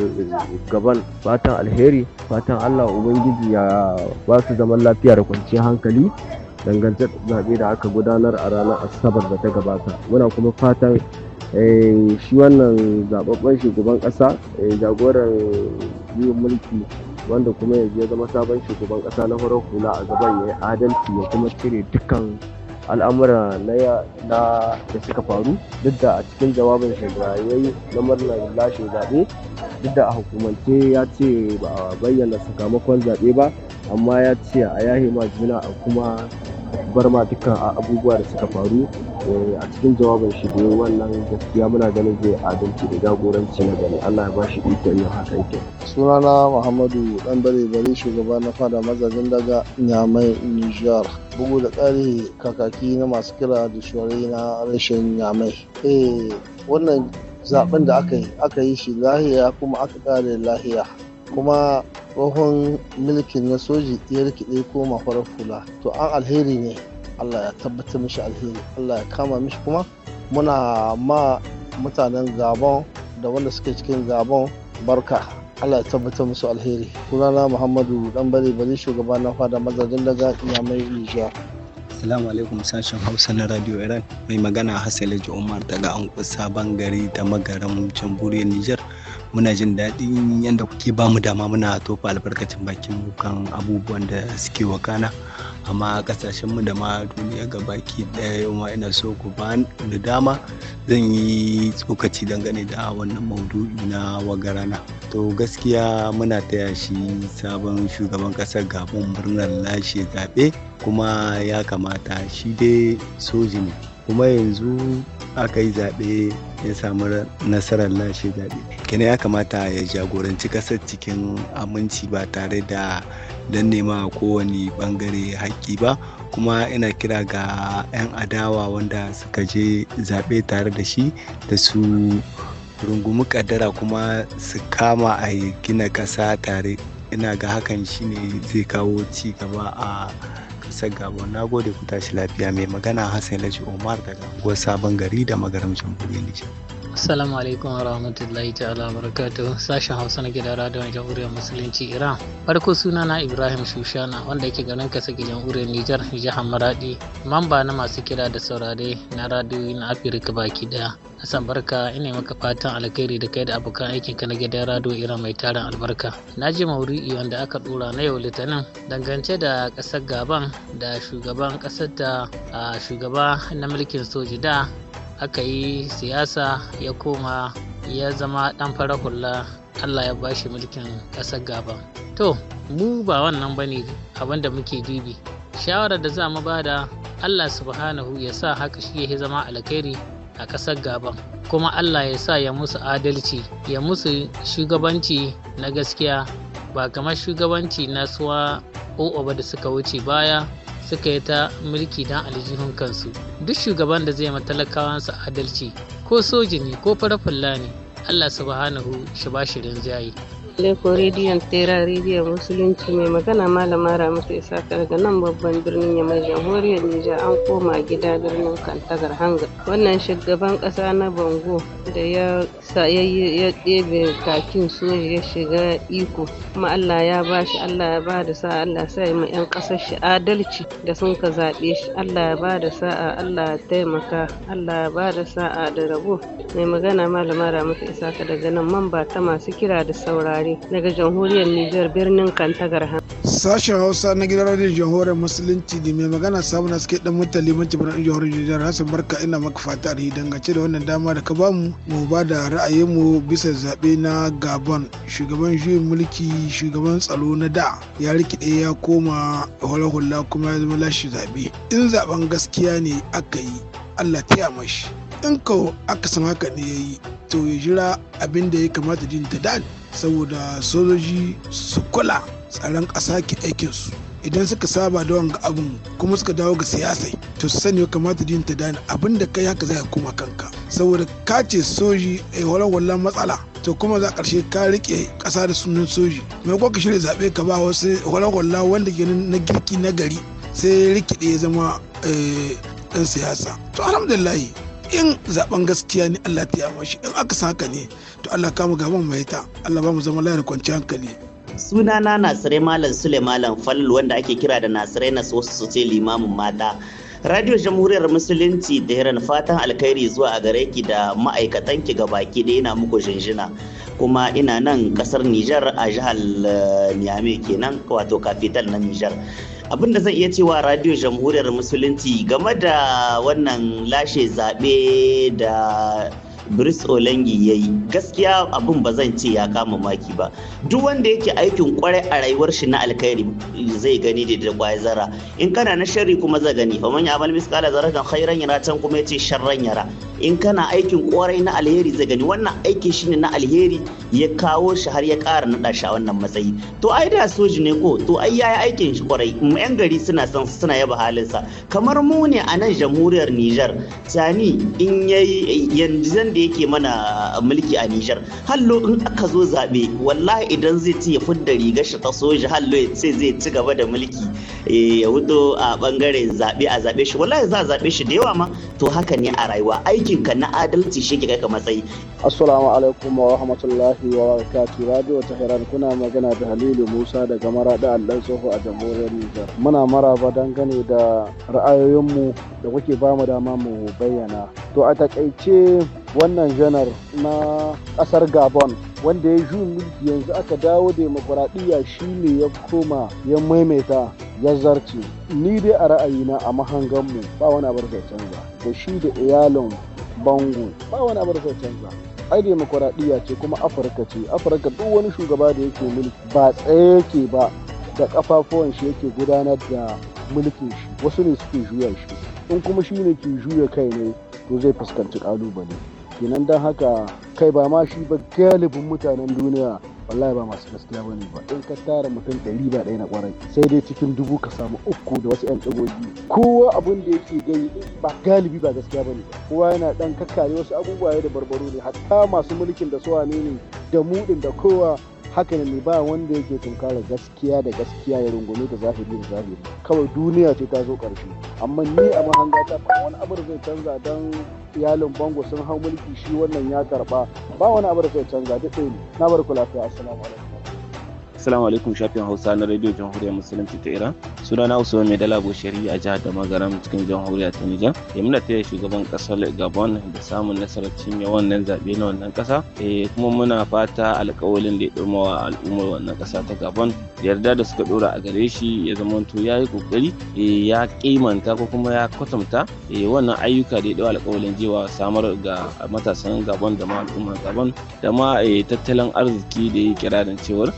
gaban fatan alheri fatan Allah Ubangiji ya ba su zaman lafiya da kwanciyar hankali dangantar zaɓe da aka gudanar a ranar Asabar da ta gabata. Muna kuma fatan Eh, shi wannan zababben shugaban ƙasa eh, jagoran juyin mulki wanda kuma yanzu ya zama sabon shugaban ƙasa na farar hula a gaban ya yi adalci ya kuma cire dukkan al'amura na da suka faru duk da a cikin jawabin shagarayayi na murnar lashe zaɓe duk da a hukumance ya ce ba a bayyana sakamakon zaɓe ba amma ya ce a yahe ma juna a kuma barma dukkan abubuwa da suka faru eh, a cikin jawabin shi ne wannan gaskiya muna ganin zai adalci da jagoranci na gani Allah ya bashi ikon yin haka yake sunana Muhammadu dan bare bare shugaba na fada mazajen daga Nyamai Niger bugu da tsari kakaki na masu kira da shuwari na rashin Nyamai eh wannan zaben da aka yi aka yi shi lahiya kuma aka kare lahiya kuma tsohon milkin na soji ya rikide koma farar kula to an alheri ne allah ya tabbatar mishi alheri allah ya kama mishi kuma muna ma mutanen gabon da wanda suke cikin gabon barka allah ya tabbatar musu alheri sunana muhammadu dan bari bari shugaba na fada mazajin daga iyamai nijar asalamu alaikum sashen Hausa na Radio Iran mai magana Hassan Umar daga an sabon gari da magaran jamhuriyar niger. muna jin daɗin yadda kuke ba mu dama muna tofa albarkacin bakin mu kan abubuwan da suke wakana amma ƙasashen mu da ma duniya ga baki ɗaya yau ma ina so ku ba da dama zan yi tsokaci dangane da wannan maudu'i na wagarana to gaskiya muna taya shi sabon shugaban ƙasar gabon murnar lashe zaɓe kuma ya kamata shi dai soji ne kuma yanzu aka yi zaɓe ya samu nasarar lashe zaɓe kenan ya kamata ya jagoranci ƙasar cikin aminci ba tare da dan nema kowane ɓangare haƙƙi ba kuma ina kira ga 'yan adawa wanda suka je zaɓe tare da shi da su rungumi ƙaddara kuma su kama a gina ƙasa tare ina ga hakan shine zai kawo ci gaba a ƙasar Gabon. Na gode ku tashi lafiya mai magana Hassan Laji Omar daga unguwar Sabon Gari da magaram Jamhuriyar Nijar. Assalamu alaikum wa rahmatullahi ta'ala barakatuh sashen Hausa na gidan radon jamhuriyar musulunci Iran. Farko suna na Ibrahim Shushana wanda yake garin kasa jamhuriyar Nijar jihar Maradi. Mamba na masu kira da saurare na radiyoyi na Afirka baki daya. Hassan barka ina maka fatan alkhairi da kai da abokan aikin ka na gidan rado Iran mai tarin albarka. Na ji mauri'i wanda aka dora na yau litinin dangance da kasar Gaban da shugaban kasar da shugaba na mulkin soji da aka yi siyasa ya koma ya zama ɗan fara hula allah ya bashi mulkin ƙasar gaba to mu ba wannan bane abin da muke dubi shawarar da za mu bada allah subhanahu ya sa haka shi ya zama alkhairi a ƙasar gaba kuma allah ya sa ya musu adalci ya musu shugabanci na gaskiya ba kamar shugabanci na suwa ba da suka wuce baya suka yi ta mulki don aljihun kansu duk shugaban da zai ma talakawansa adalci ko soji ne ko fara ne Allah subhanahu shi ba shi rinjaye alaikum rediyon tera rediyon musulunci mai magana malama ramata isa daga nan babban birnin yamma jamhuriyar nija an koma gida birnin kantagar hanga wannan shugaban kasa na bango da ya ya ɗebe kakin soji ya shiga iko kuma allah ya ba shi allah ya ba da sa'a allah sa ma 'yan ƙasar shi adalci da sun ka zaɓe shi allah ya ba da sa'a allah ya taimaka allah ya ba da sa'a da rabo mai magana malama ramata isa daga nan mamba ta masu kira da saurare daga jamhuriyar Nijar birnin Kantagar. Sashen Hausa na gidan radiyon jamhuriyar Musulunci da mai magana samu na suke dan mutan limanci birnin jamhuriyar Nijar Hassan Barka ina maka fata alheri dangance da wannan dama da ka ba mu ba da ra'ayinmu bisa zaɓe na Gabon shugaban juyin mulki shugaban tsaro na da ya rikide ya koma hula-hula kuma ya zama lashe zaɓe. In zaɓen gaskiya ne aka yi Allah ta mashi. In ko aka san haka ne ya yi to ya jira abin da ya kamata jin ta dadi. saboda sojoji su kula tsaron ƙasa ke aikinsu idan suka saba da wanga abin kuma suka dawo ga siyasa to su sani kamata din ta dana abin da kai haka zai kuma kanka saboda ka ce soji a eh, wallan matsala to kuma za karshe ka rike ƙasa da sunan soji mai ka shirya zaɓe ka ba wasu walawalla wanda ke na girki na gari sai rikide ya zama eh, ɗan siyasa to alhamdulillahi in zaben gaskiya ne Allah ta yawa shi in aka saka ne to Allah kama gaban mai ta Allah ba mu zama layar kwanciyar hankali sunana Nasire Malam Sule Malam Falil wanda ake kira da Nasire na wasu ce limamin mata Radio Jamhuriyar Musulunci da Hiran fatan alkhairi zuwa a gare ki da ma'aikatan ki baki da ina muku jinjina kuma ina nan kasar Nijar a jihar eh, Niamey kenan wato kafital na Nijar. abin da zan iya cewa radio jamhuriyar musulunci game da wannan lashe zaɓe da Brice Olengi ya yi gaskiya abin ba zan ce ya kama maki ba duk wanda yake aikin kwarai a rayuwar shi na alkhairi zai gani da da kwaye zara in kana na sharri kuma zai gani fa man ya'mal miskala kan khairan yara can kuma yace sharran yara in kana aikin kwarai na alheri zai gani wannan aiki shine na alheri ya kawo shi har ya kara naɗa shi a wannan matsayi to ai da soji ne ko to ai yayi aikin shi kwarai yan gari suna san suna yaba halinsa kamar mu ne a nan jamhuriyar Nijar sani in yayi yanzu da yake mana mulki a Nijar hallo in aka zo zabe wallahi idan zai ci ya fudda rigar shi ta soji hallo sai zai ci gaba da mulki eh, ya wuto a bangaren zabe a zabe shi wallahi za a zabe shi da yawa ma to haka ne a rayuwa aiki aikin na adalci shi ke matsayi assalamu alaikum wa rahmatullahi wa barakatuh radio tehran kuna magana da halilu musa daga maradi aldan tsoho a jamhuriyar nijar muna maraba dangane da ra'ayoyinmu da kuke ba bamu dama mu bayyana to a takaice wannan janar na kasar gabon wanda ya yi mulki yanzu aka dawo demokuraɗiyya shi ne ya koma ya maimaita ya zarce ni dai a ra'ayina a mahanganmu ba wani abar da canza da shi da iyalin bango ba wani abu da zai canza ai demokuraɗiyya ce kuma afirka ce afirka duk wani shugaba da yake mulki ba tsaye yake ba da kafafuwan shi yake gudanar da mulkin shi wasu ne suke juya shi in kuma shi ne ke juya kai ne to zai fuskanci ƙalubale kenan don haka kai ba ma shi ba galibin mutanen duniya wallahi ba masu gaskiya bane ba in ka tara mutum ɗari ba ɗaya na ƙwarai, sai dai cikin dubu ka samu uku da wasu 'yan ɗagogi kowa abin da yake gani ba galibi ba gaskiya bane kowa yana ɗan kakkare wasu abubuwa da barbaro ne hatta masu mulkin da suwa ne ne da muɗin da kowa haka ne ba wanda yake tunkara gaskiya da gaskiya ya rungume da zahiri da zahiri kawai duniya ce ta zo karshe amma ni a mahanga ta ba wani abu da zai canza don iyalin bango sun hau mulki shi wannan ya karba ba wani abu da zai canza duk ɗaya na bar ku lafiya assalamu alaikum Assalamu alaikum shafin Hausa na Radio Jamhuriyar Musulunci ta Iran. Suna na Usman Mai Dala Shari'a a jihar da magaram cikin Jamhuriyar ta Nijar. Ya muna taya shugaban kasar Gabon da samun nasarar cinye wannan zaɓe na wannan ƙasa. Eh, kuma muna fata alƙawalin da ya ɗorma wa al'ummar wannan ƙasa ta Gabon yarda da suka ɗora a gare shi ya to ya yi ƙoƙari eh, ya kimanta ko kuma ya kwatanta eh, wannan ayyuka da ya ɗau alƙawalin jewa samar ga matasan Gabon da ma al'ummar Gabon da ma tattalin arziki da ya kirarin cewar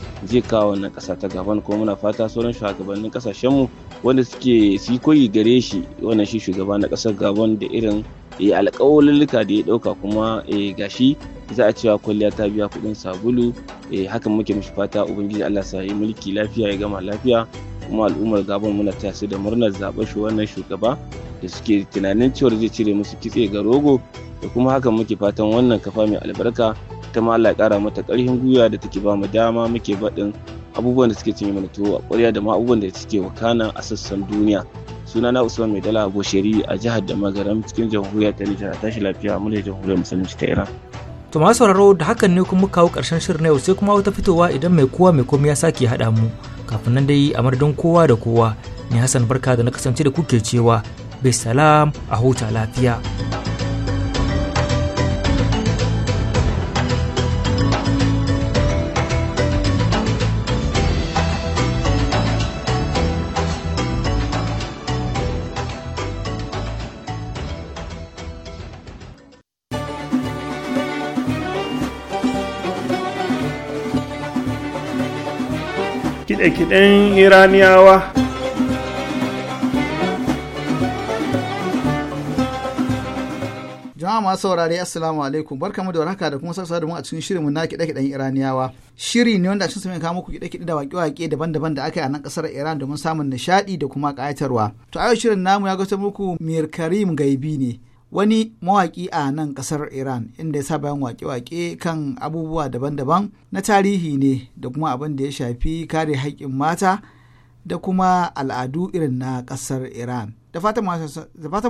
kawo wannan ƙasa ta gaban kuma muna fata sauran shugabannin ƙasashenmu wanda suke sikoyi gare shi wannan shi shugaba na kasar gabon da irin eh, alƙawalulluka da ya ɗauka kuma eh, gashi za a cewa kwalliya ta biya kuɗin sabulu eh, hakan muke mishi fata ubangiji allah sa yi mulki lafiya ya gama lafiya kuma al'ummar gabon muna taya su da murnar zaɓar shi wannan shugaba da suke tunanin cewar zai cire musu kitse ga rogo da kuma haka muke fatan wannan kafa mai albarka ta ma Allah kara mata ƙarfin gwiwa da take ba mu dama muke badin abubuwan da suke cinye mana tuwo a ƙwarya da ma abubuwan da suke wakana a sassan duniya suna na usman mai dala abosheri a jihar da magaram cikin jamhuriya ta nijar tashi lafiya mulai jamhuriyar musulunci ta iran to masu sauraro da hakan ne kuma kawo karshen shirin na yau sai kuma wata fitowa idan mai kowa mai komai ya sake haɗa mu kafin nan dai a madadin kowa da kowa ni hassan barka da na kasance da kuke cewa bisalam a huta lafiya kiɗe-kiɗen iraniyawa jama'a masu saurare assalamu alaikum barkamu da warhaka da kuma sassa da mu a cikin shirinmu na kiɗe-kiɗen iraniyawa shiri ne wanda cikin kawo muku kiɗe-kiɗe da waƙe-waƙe daban-daban da aka yi a nan ƙasar iran domin samun nishaɗi da kuma ƙayatarwa to a yau shirin namu ya gasa muku mir karim gaibi ne wani mawaƙi a nan ƙasar iran inda ya saba yin waƙe-waƙe kan abubuwa daban-daban na tarihi ne da kuma abin da ya shafi kare haƙƙin mata da kuma al'adu irin na ƙasar iran da fatan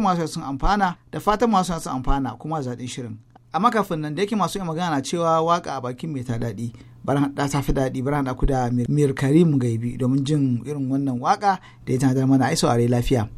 masu sun amfana da fatan masu sun amfana kuma zaɗin shirin amma kafin nan da yake masu yi magana cewa waka a bakin mai ta daɗi bari haɗa ta fi daɗi bari haɗa ku da mir karim gaibi domin jin irin wannan waka da ya tana mana a lafiya.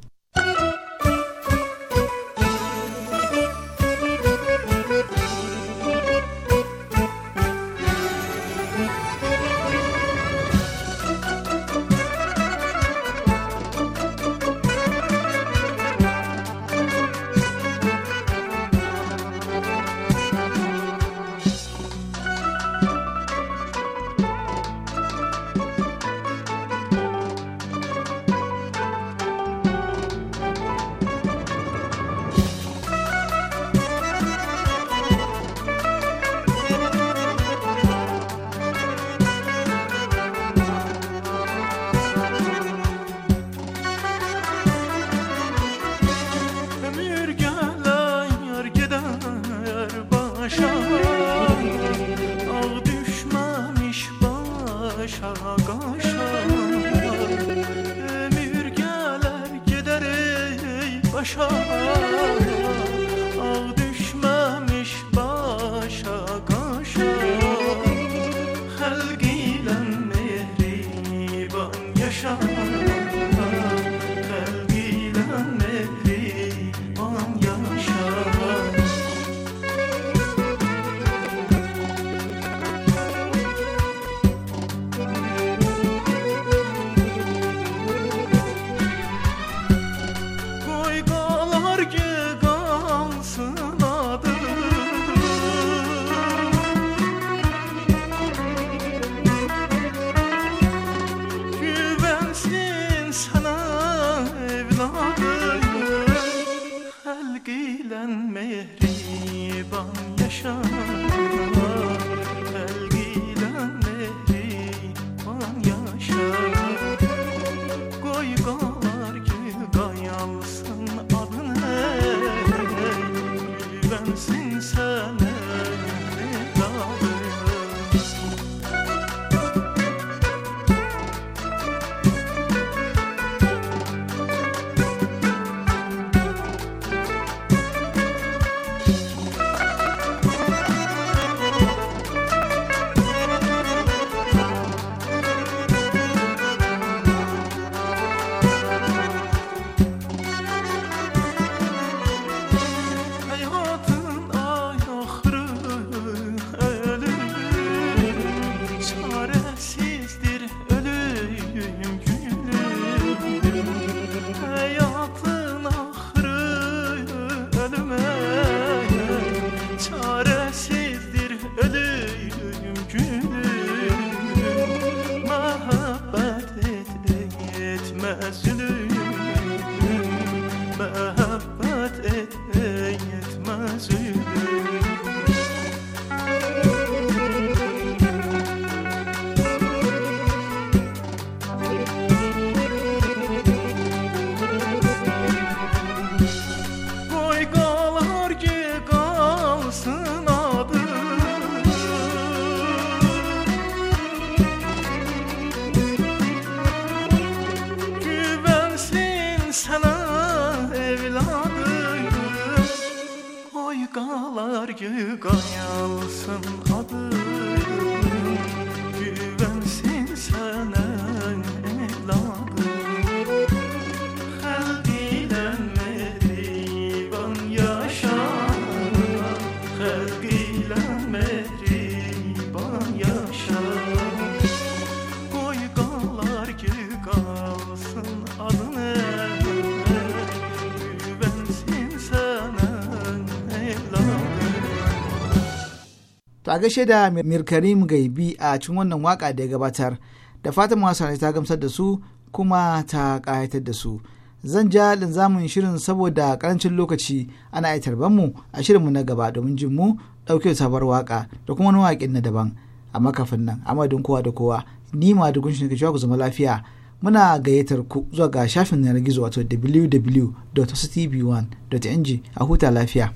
a gaishe da mirkarim gaibi a cikin wannan waka da ya gabatar da fatan masu ta gamsar da su kuma ta kayatar da su zan ja linzamin shirin saboda karancin lokaci ana iya tarban mu a shirinmu na gaba domin jin mu ɗauke sabar waka da kuma wani waƙin na daban a makafin nan a madadin kowa da kowa ni ma da gunshin ke ku zama lafiya muna gayyatar ku zuwa ga shafin yanar gizo wato www.ctv1.ng a huta lafiya.